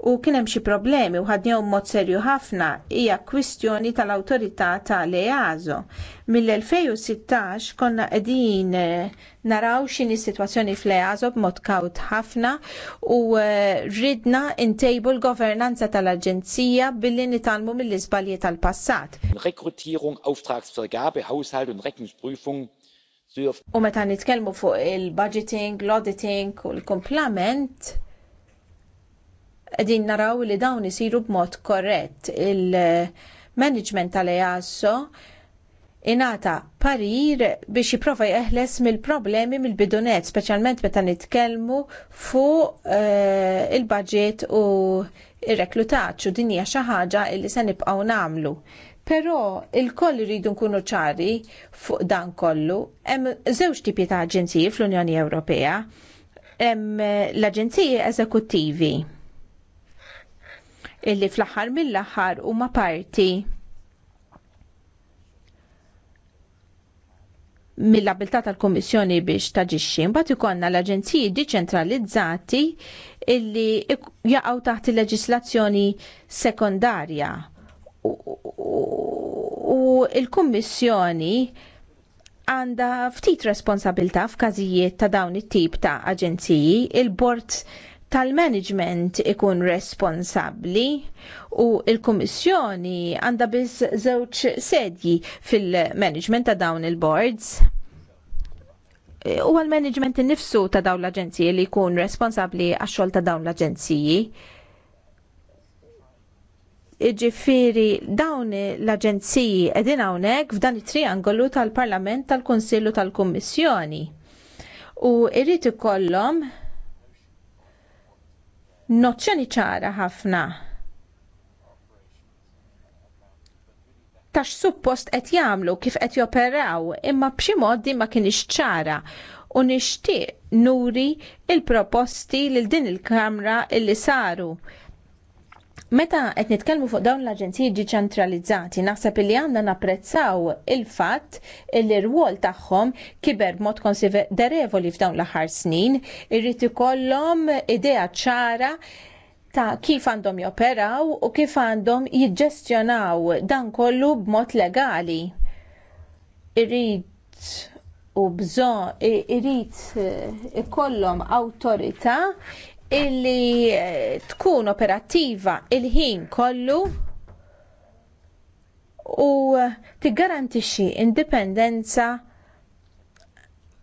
u kien hemm xi problemi u ħadnihom mod serju ħafna hija kwistjoni tal-awtorità tal-EASO. Mill-2016 konna qegħdin eh, naraw x'inhi s-sitwazzjoni fl-EASO b'mod kawt ħafna u eh, ridna ntejbu l-governanza tal-Aġenzija billi nitalmu mill-iżbalji tal-passat. Rekrutierung, Auftragsvergabe, Haushalt und Rechnungsprüfung U meta nitkellmu fuq il-budgeting, l-auditing u l-komplament, qegħdin naraw li dawn isiru b'mod korrett il-management tal-EASO inata parir biex jiprofa jeħles mill-problemi mill-bidunet, speċjalment meta nitkellmu fuq uh, il-budget u il reklutaċ u dinja xi ħaġa li se nibqgħu nagħmlu. Però il-koll rridu nkunu ċari fuq dan kollu, hemm żewġ tipi ta' aġenziji fl-Unjoni Ewropea, hemm l-aġenziji eżekuttivi illi fl-aħħar mill-aħħar huma parti mill-abilità tal kummissjoni biex taġixxi, mbagħad ikollna l-aġenziji diċentralizzati illi jaqgħu taħt il-leġislazzjoni sekondarja. U, l-Kummissjoni il għandha ftit responsabilità f'każijiet ta' dawn it-tip ta' aġenziji, il-Bord tal-management ikun responsabbli u il-Kummissjoni għandha biss żewġ sedji fil-management ta' dawn il-boards. E, u għal-management innifsu ta' dawn l-aġenziji li jkun responsabbli għax-xogħol ta' dawn l-aġenziji. Iġifiri dawn l-aġenziji edin hawnhekk f'dan it-triangolu tal-Parlament, tal-Kunsillu, tal-Kummissjoni. U irrid ikollhom noċċjoni ċara ħafna. Tax suppost qed jagħmlu kif qed joperaw imma b'xi modi ma kienx ċara u nixtieq nuri il-proposti lil din il-Kamra illi saru Meta qed nitkellmu fuq dawn l-aġenziji ċentralizzati, naħseb li għandna napprezzaw il-fatt li r-rwol tagħhom kiber b'mod konsiderevoli f'dawn l-aħħar snin, irrid ikollhom idea ċara ta' kif għandhom joperaw u kif għandhom jiġġestjonaw dan kollu b'mod legali. Irrid u bżon irrid eh, ikollhom awtorità illi eh, tkun operattiva il-ħin kollu u eh, tiggarantixxi indipendenza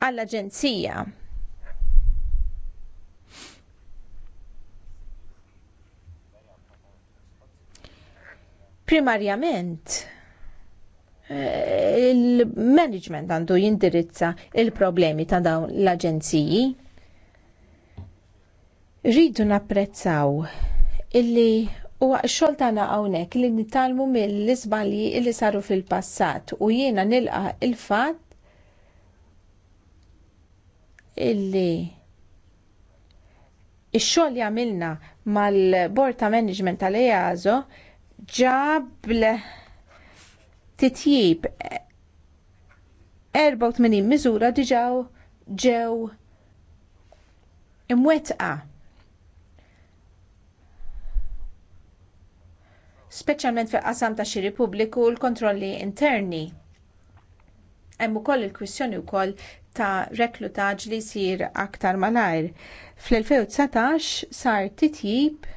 għall-Aġenzija. Primarjament, eh, il-management għandu jindirizza il-problemi ta' dawn l-aġenziji. Rridu napprezzaw illi U xol tagħna hawnhekk li nitalmu mill-isbalji li saru fil-passat u jiena nilqa il fatt illi x xogħol li għamilna mal bord ta' Management tal-EASO ġab titjib 84 miżura diġà ġew imwettqa' speċjalment fil qasam ta' xiri pubbliku u l-kontrolli interni. Hemm ukoll il-kwistjoni wkoll ta' reklutaġġ li jsir aktar malajr. Fl-2019 sar titjib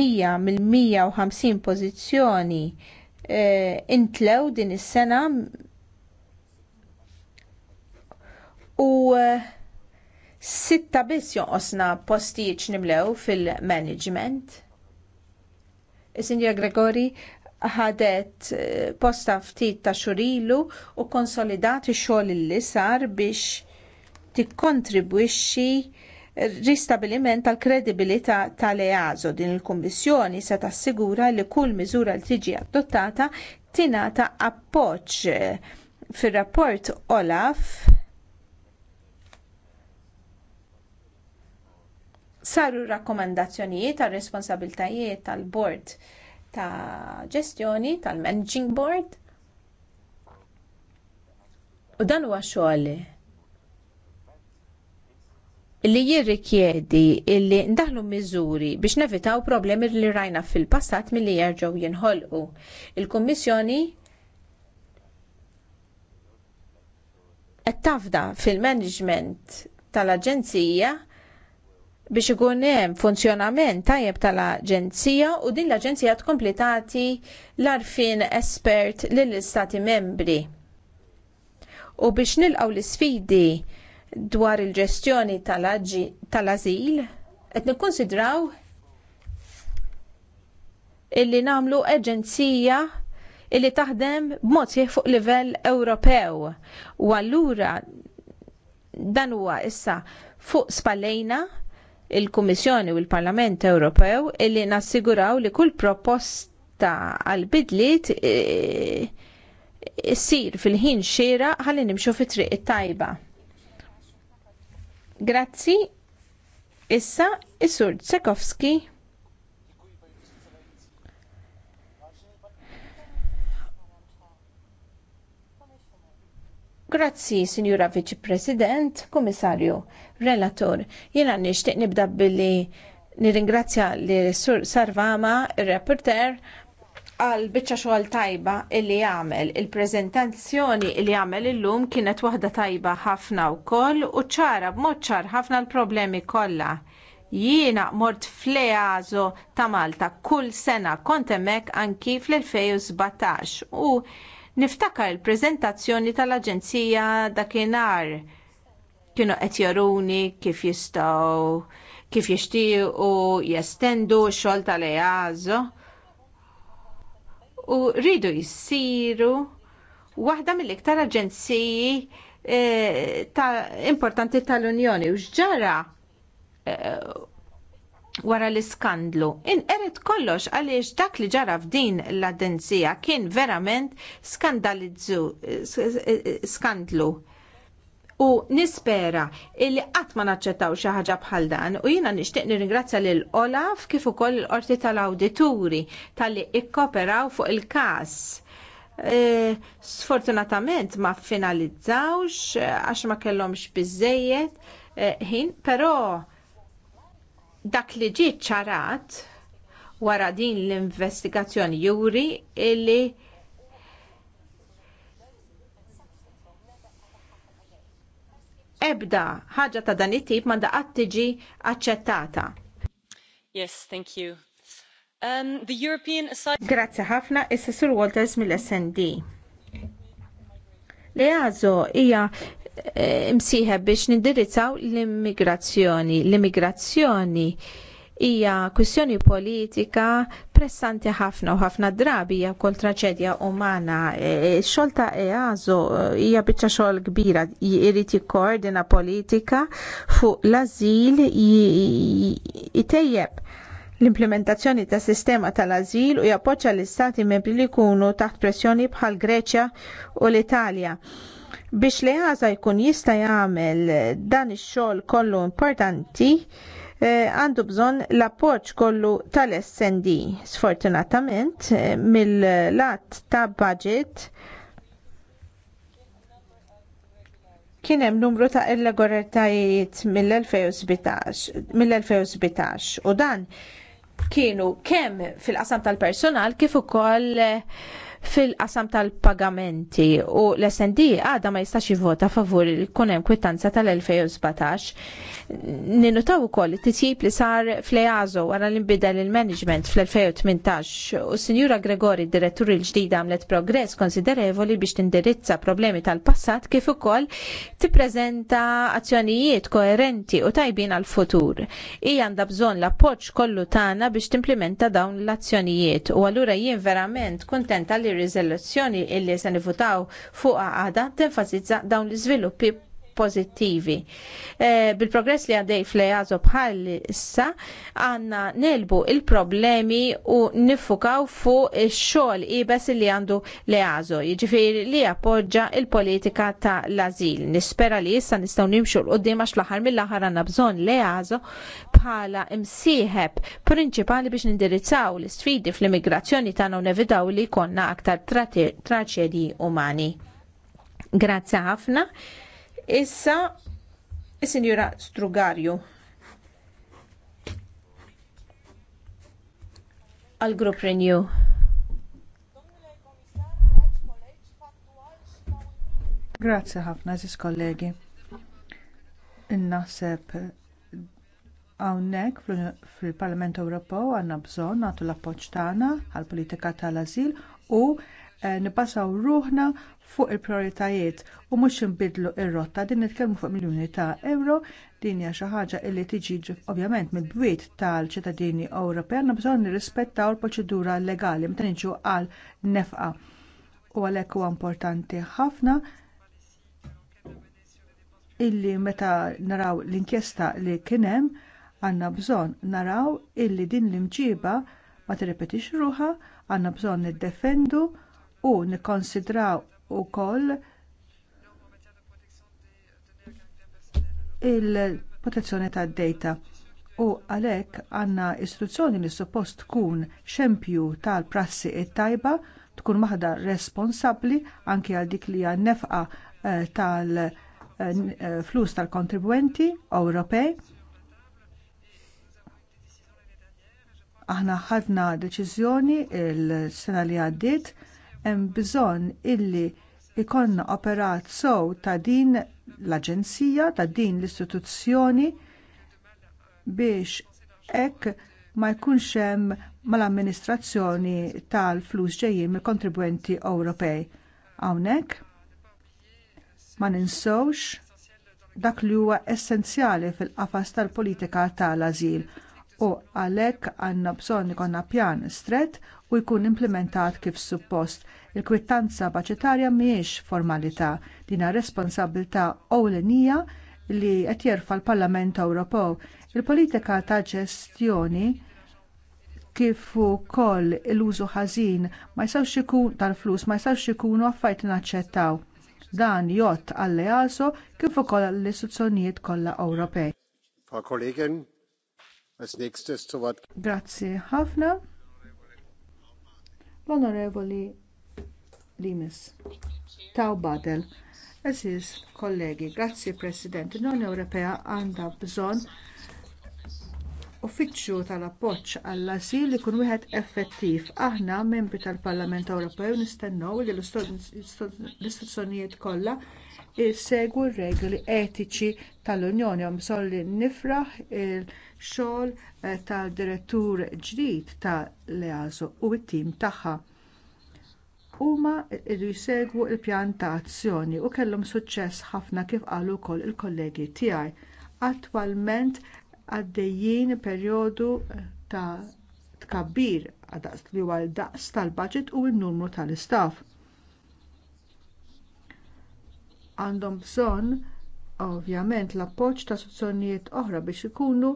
100 mill-150 pożizzjoni e, intlew din is-sena u eh, sitta biss jonqosna postijiet nimlew fil-management. is Gregori ħadet eh, posta ftit ta' xurilu u konsolidat ix-xogħol li sar biex tikkontribwixxi ristabiliment tal-kredibilità tal-EASO din il-Kummissjoni se tassigura li kull miżura li tiġi adottata tingħata appoġġ eh, fir-rapport Olaf saru rakkomandazzjonijiet għal responsabiltajiet tal-bord ta' ġestjoni tal-managing board u dan huwa xogħol li jirrikjedi li ndaħlu miżuri biex nevitaw problemi li rajna fil-passat milli jerġgħu jinħolqu. Il-Kummissjoni qed tafda fil-management tal-Aġenzija biex ikun hemm funzjonament tajjeb tal-Aġenzija u din l-Aġenzija tkompli tagħti l-arfin espert lill-Istati membri. U biex nilqgħu l-isfidi dwar il-ġestjoni tal-ażil, qed nikkonsidraw illi nagħmlu aġenzija illi taħdem b'mod fuq livell Ewropew. U allura dan huwa issa fuq spallejna il-Kummissjoni u l-Parlament Ewropew illi nassiguraw li kull proposta għal bidliet e, issir fil-ħin xira ħalli nimxu fit triq it-tajba. Grazzi. Issa is-Sur Tsekowski Grazzi, Signora Viċi President, Komissarju relatur. Jiena nixtieq nibda billi nirringrazzja li Sur Sarvama, ir-reporter, għal biċċa xogħol tajba illi jagħmel il-preżentazzjoni li jagħmel illum kienet waħda tajba ħafna wkoll u ċara b'mod ċar ħafna l-problemi kollha. Jiena mort fl ta' Malta kull sena kont hemmhekk anki fl-2017 u niftakar il-preżentazzjoni tal-Aġenzija dakinhar kienu qed jaruni kif jistgħu kif jixtiequ jestendu x-xogħol tal-EASO u rridu jsiru waħda mill-iktar aġenziji eh, ta importanti tal-Unjoni u x'ġara eh, wara l-iskandlu. Inqered kollox għaliex dak li ġara f'din l-adenzija kien verament skandalizzu eh, skandlu u nispera illi qatt ma naċċettaw xi ħaġa bħal dan u jiena nixtieq nirringrazzja lil Olaf kif ukoll il-qorti tal-awdituri talli ikkoperaw fuq il-każ. E, sfortunatament ma finalizzawx e, għax ma kellhomx biżejjed e, ħin, però dak li ġiet ċarat wara din l-investigazzjoni juri illi ebda ħaġa ta' dan it-tip m'għandha qatt tiġi aċċettata. Yes, thank you. Um, the European Grazzi ħafna, issa Sur Walters mill-SND. Leazo hija imsieħeb eh, biex nindirizzaw l-immigrazzjoni. L-immigrazzjoni hija kwistjoni politika pressanti ħafna u ħafna drabi hija wkoll traċedja umana. Ix-xogħol e, e, ta' EASO e, hija biċċa xogħol kbira jrid jikkoordina politika fuq l-ażil jitejjeb l-implementazzjoni tas sistema tal-azil u jappoġġa l-istati membri li kunu taħt pressjoni bħal Greċja u l-Italja. Biex li jkun jista' jagħmel dan ix-xogħol kollu importanti, Eh, għandu bżonn l-appoġġ kollu tal-SND. Sfortunatament, eh, mill-lat ta' budget kien hemm numru ta' irregolaritajiet mill-2017 mill-2017 u dan kienu kemm fil-qasam tal-personal kif ukoll eh, fil-qasam tal-pagamenti u l-SND għada ma jistax jivvota favur il-kunem kwittanza tal-2017. Ninutaw ukoll it-titjib li sar fl-EASO għara l imbida l management fl-2018 u s Sinjura Gregori, direttur il-ġdida għamlet progress konsiderevoli biex tindirizza problemi tal-passat kif ukoll tippreżenta azzjonijiet koerenti u tajbin għal-futur. Hija għandha bżonn l-appoġġ kollu tagħna biex timplementa dawn l-azzjonijiet u allura jien verament kuntenta li ir-riżoluzzjoni illi se nivutaw fuqha għada tenfasizza dawn l-iżviluppi pożittivi. E, eh, Bil-progress li għaddej fl-EASO bħal issa għanna nelbu il-problemi u nifukaw fuq ix-xogħol ibes li għandu l-EASO, jiġifieri li appoġġa il-politika ta' l-azil. Nispera li issa nistgħu nimxu l qoddim għax l-aħħar mill-aħħar għanna bżon l-EASO bħala imsieħeb prinċipali biex nindirizzaw l-isfidi fl-immigrazzjoni tagħna u nevidaw li jkollna aktar traċedji umani. Grazzi ħafna. Issa, is-Sinjura Strugarju. għal grupp Renew. Grazzi ħafna, ziz kollegi. Innaħseb hawnhekk fil-Parlament Ewropew għandna bżonn nagħtu l-appoġġ tagħna għall-politika tal-ażil u Eh, nibasaw ruħna fuq il-prioritajiet u mhux inbidlu ir-rotta din nitkellmu fuq miljuni ta' euro din hija xi ħaġa li tiġi ovvjament mill-bwiet tal-ċittadini Ewropej għandna bżonn nirrispettaw il-proċedura legali meta niġu għal nefqa. U għalhekk huwa importanti ħafna illi meta naraw l-inkjesta li kien hemm għandna bżonn naraw illi din l-imġiba ma tirrepetix ruħha għandna bżonn niddefendu u nikkonsidraw ukoll il-protezzjoni tad-dejta u għalhekk għandna istruzzjoni li suppost tkun xempju tal-prassi t tajba tkun waħda responsabbli anke għal dik li hija nefqa eh, tal-flus eh, tal-kontribwenti Ewropej. Aħna ħadna deċiżjoni l sena li għaddiet hemm bżonn illi ikonna operat sow ta' din l-aġenzija, ta' din l-istituzzjoni biex hekk ma jkunx hemm mal-amministrazzjoni tal-flus ġejjin mill-kontribwenti Ewropej. Hawnhekk ma ninsewx dak li huwa essenzjali fil-qafas tal-politika tal-ażil u għalhekk għandna bżonn ikollna pjan strett u jkun implementat kif suppost. Il-kwittanza baċitarja mhijiex formalità dina responsabilità ewlenija li qed jerfa' l-Parlament Ewropew. Il-politika ta' ġestjoni kif ukoll il-użu ħażin ma jsawx ikun tal-flus ma jsawx ikunu affarijiet naċċettaw. Dan jgħod għall-EASO kif ukoll għall-istituzzjonijiet kollha Ewropej. Grazie ħafna l-onorevoli Limes taw badel Eżiż kollegi, grazzi President, l-Unjoni Ewropea għandha bżonn uffiċċju tal-appoġġ għall-asil li jkun wieħed effettiv. Aħna membri tal-Parlament Ewropew nistennew li l-istituzzjonijiet kollha jissegwu r-regoli etiċi tal-Unjoni hemm bżonn li nifraħ il- xogħol eh, tal-direttur ġdid tal-EASO u t-tim tagħha. Huma rridu jsegwu l pjan ta' azzjoni u kellhom suċċess ħafna kif qalu wkoll il-kollegi tiegħi. Attwalment għaddejjin perjodu eh, ta' tkabbir għadaqs li huwa daqs tal-budget u n-numru tal-istaff. Għandhom bżonn ovvjament l-appoġġ ta' sezzjonijiet oħra biex ikunu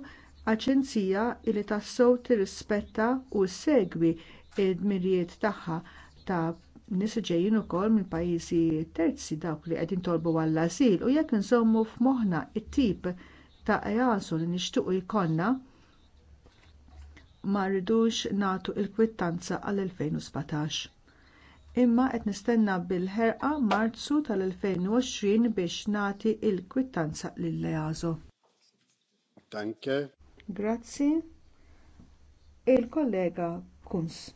aġenzija li tassew tirrispetta u ssegwi d-dmirijiet tagħha ta' nies ġejjin ukoll minn pajjiżi terzi dawk li qegħdin tolbu għall-ażil u jekk insommu f'moħħna t tip ta' easu li nixtiequ jkollna ma rridux nagħtu l kwittanza għall-2017 imma qed nistenna bil-ħerqa Marzu tal-2020 biex nagħti l-kwittanza lil easo. Danke. Grazzi. Il-kollega Kunz.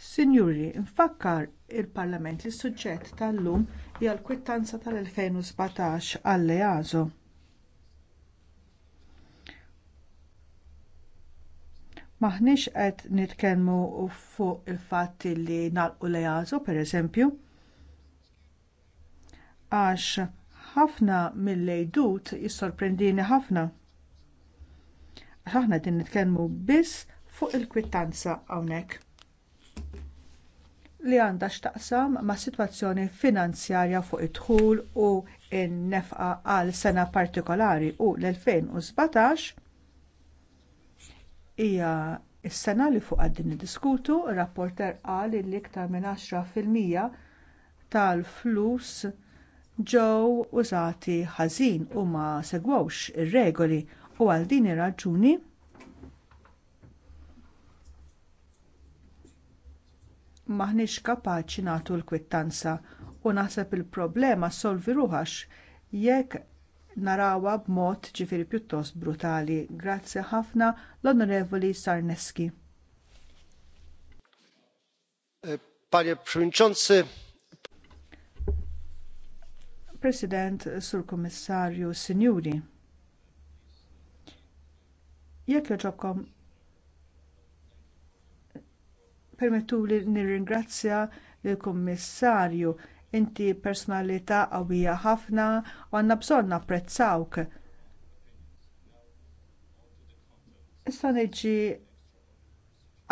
Sinjuri, nfakkar il-Parlament li s-suġġett tal-lum hija l-kwittanza tal-2017 għall-EASO. Maħniex qed nitkellmu fuq il-fatt li nalqu lejazu, pereżempju, għax ħafna mill-lejdut jissorprendini ħafna. Għax aħna din nitkellmu biss fuq il-kwittanza hawnhekk li għandha x'taqsam ma' sitwazzjoni finanzjarja fuq id-dħul u n-nefqa għal sena partikolari u l-2017 hija s-sena li fuq niddiskutu r rapporter qal li l-iktar minn 10% tal-flus ġew użati ħażin u ma segwewx ir-regoli u għal din ir-raġuni maħniex kapaċi nagħtu l-kwittanza u naħseb il-problema solvi ruħax jekk narawha b'mod ġifieri pjuttost brutali. Grazzi ħafna l-Onorevoli Sarneski. E, panie Przewodniczący, President, Sur Kummissarju, Sinjuri. Jekk joġobkom permettuli nirringrazzja lill-Kummissarju Inti personalità qawwija ħafna u għandna bżonn napprezzawk. Issa niġi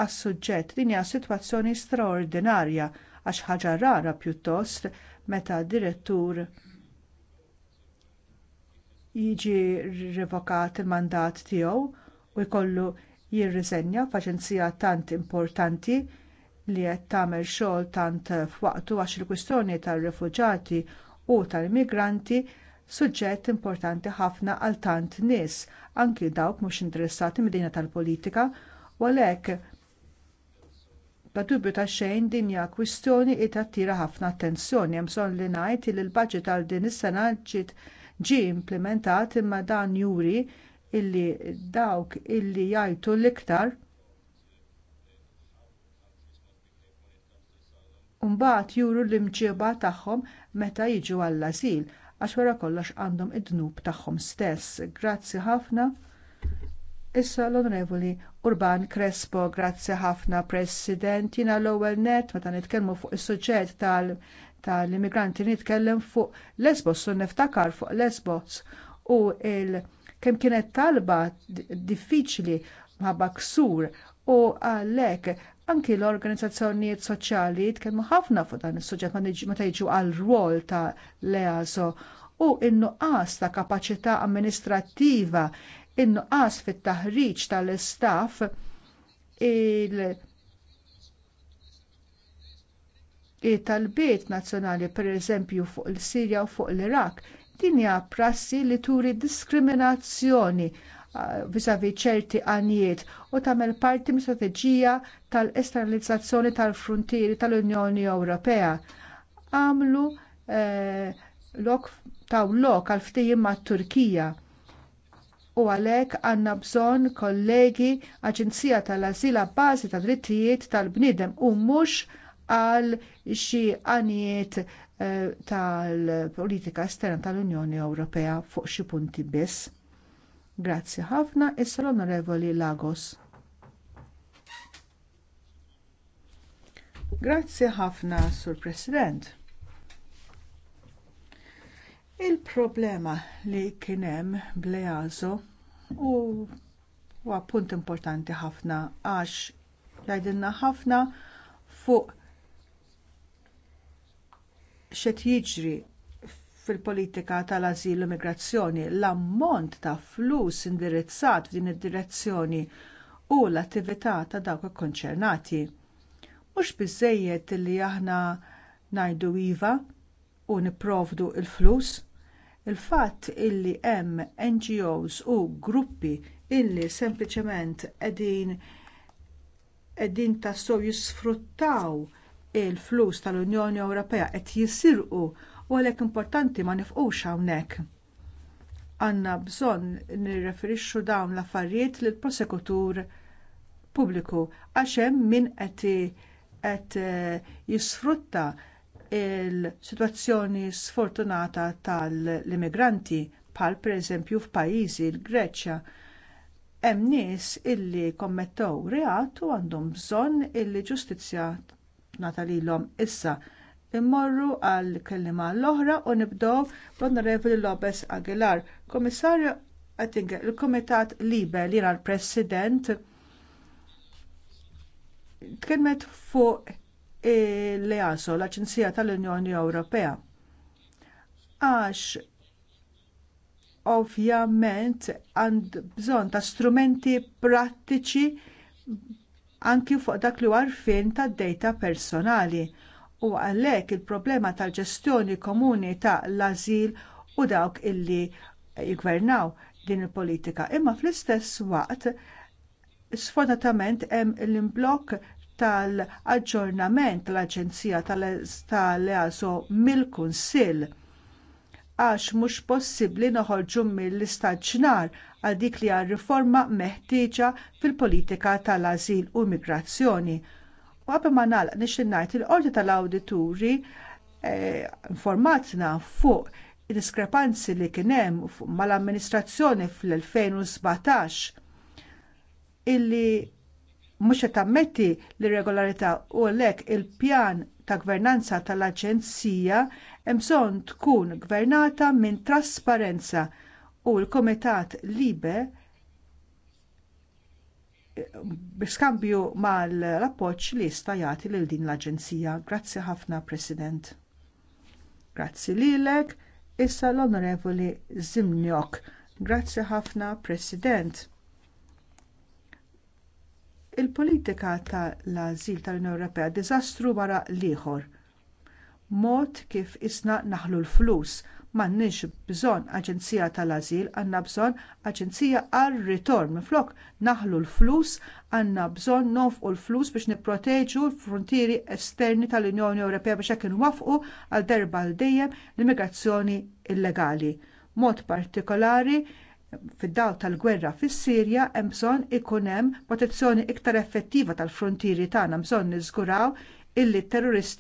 għas-suġġett din hija sitwazzjoni straordinarja għax ħaġa rara pjuttost meta direttur jiġi rivokat il-mandat tiegħu u jkollu jirriżenja f'aġenzija tant importanti li qed tagħmel xogħol tant f'waqtu għax il-kwistjoni tar-refuġati u tal-migranti suġġett importanti ħafna għal tant nies anki dawk mhux interessati mid-dinja tal-politika u għalhekk bla dubju ta' xejn din hija kwistjoni li tattira ħafna attenzjoni hemm bżonn li ngħid li l-baġit għal din is-sena ġie implementat imma dan juri illi dawk illi jgħidu l-iktar Imbagħad mbagħad juru l-imġiba tagħhom meta jiġu għall-ażil għax wara kollox għandhom id-dnub tagħhom stess. Grazzi ħafna. Issa l-Onorevoli Urban Crespo, grazzi ħafna President, jina l-ewwel net meta nitkellmu fuq is-suġġett tal tal-immigranti nitkellem fuq Lesbos u niftakar fuq Lesbos u il kemm kienet talba diffiċli ma' baksur u għalhekk Anki l-organizzazzjonijiet soċjali jitkellmu ħafna fuq dan is-suġġett meta jiġu għal rwol ta' l-EASO u n-nuqqas ta' kapaċità amministrattiva, in-nuqqas fit-taħriġ tal-istaff il- tal-bit nazzjonali pereżempju fuq il-Sirja u fuq l-Iraq din hija prassi li turi diskriminazzjoni Eh, vis-a-vis ċerti għanijiet u tagħmel parti minn strateġija tal-esternalizzazzjoni tal-frontieri tal-Unjoni Ewropea. Għamlu eh, lok taw lok għal ftehim mat-Turkija. U għalhekk għandna bżonn kollegi Aġenzija tal-Asila Bażi ta' Drittijiet tal-Bniedem u mhux għal xi għanijiet eh, tal-politika esterna tal-Unjoni Ewropea fuq xi punti biss. Grazzi ħafna issa l-Onorevoli Lagos. Grazzi ħafna, Sur President. Il-problema li kien hemm blejazo u huwa punt importanti ħafna għax jgħidilna ħafna fuq xed jiġri fil-politika tal-azil u migrazzjoni l-ammont ta' flus indirizzat f'din id-direzzjoni u l-attività ta' dawk ikkonċernati. Mhux biżżejjed li aħna ngħidu iva u nipprovdu l il flus il-fatt illi hemm NGOs u gruppi illi sempliċement qegħdin qegħdin tassew jisfruttaw il-flus tal-Unjoni Ewropea qed jisirqu u għalhekk importanti ma nifqux hawnhekk għanna bżonn nirreferixxu dawn l-affarijiet lill prosekutur pubbliku għax hemm min qed eh, jisfrutta l sitwazzjoni sfortunata tal-immigranti bħal pereżempju f'pajjiżi l-Greċja. Hemm nies illi kommettew reat u għandhom bżonn illi ġustizzja tnata lilhom issa immorru għal kelliema l-oħra u nibdew bl-Onorevoli Lopez Aguilar. Komissarju il kumitat Libe li għal president tkellmet fuq l-EASO, l-Aġenzija tal-Unjoni Ewropea. Għax ovvjament għand bżonn ta' strumenti prattiċi anki fuq dak li għarfien tad dejta personali u għalhekk il-problema tal-ġestjoni komuni ta' l-azil u dawk illi jgvernaw din il-politika. Imma fl-istess waqt, sfortunatament hemm l-imblokk tal-aġġornament tal-Aġenzija tal-EASO mill-Kunsill għax mhux possibbli noħorġu mill-istaġnar għal dik li għal riforma meħtieġa fil-politika tal ażil u immigrazzjoni U għabba ma nagħlaq nixtieq ngħid il-qorti tal-awdituri eh, informatna fuq id diskrepanzi li kien hemm mal-amministrazzjoni fl-2017 illi mhux qed tammetti l-irregolarità u għalhekk il-pjan ta' gvernanza tal-Aġenzija hemm tkun gvernata minn trasparenza u l-Kumitat Libe skambju mal-appoġġ li jista' jagħti lil din l-Aġenzija. Grazzi ħafna, President. Grazzi lilek, issa l-Onorevoli Zimniok. Grazzi ħafna, President. Il-politika tal-azil tal-Unjoni Ewropea diżastru wara l-ieħor. Mod kif isna naħlu l-flus M'għandniex bżonn aġenzija tal-Ażil, għandna bżonn aġenzija għar-ritorn. Minflok naħlu l-flus, għandna bżonn nofqu l-flus biex nipproteġu l-frontieri esterni tal-Unjoni Ewropea biex hekk inwafqu għal darba għal dejjem l-immigrazzjoni illegali. Mod partikolari fid-dawl tal-gwerra fis-Sirja hemm bżonn ikun hemm protezzjoni iktar effettiva tal-frontieri tagħna bżonn niżguraw illi t terroristi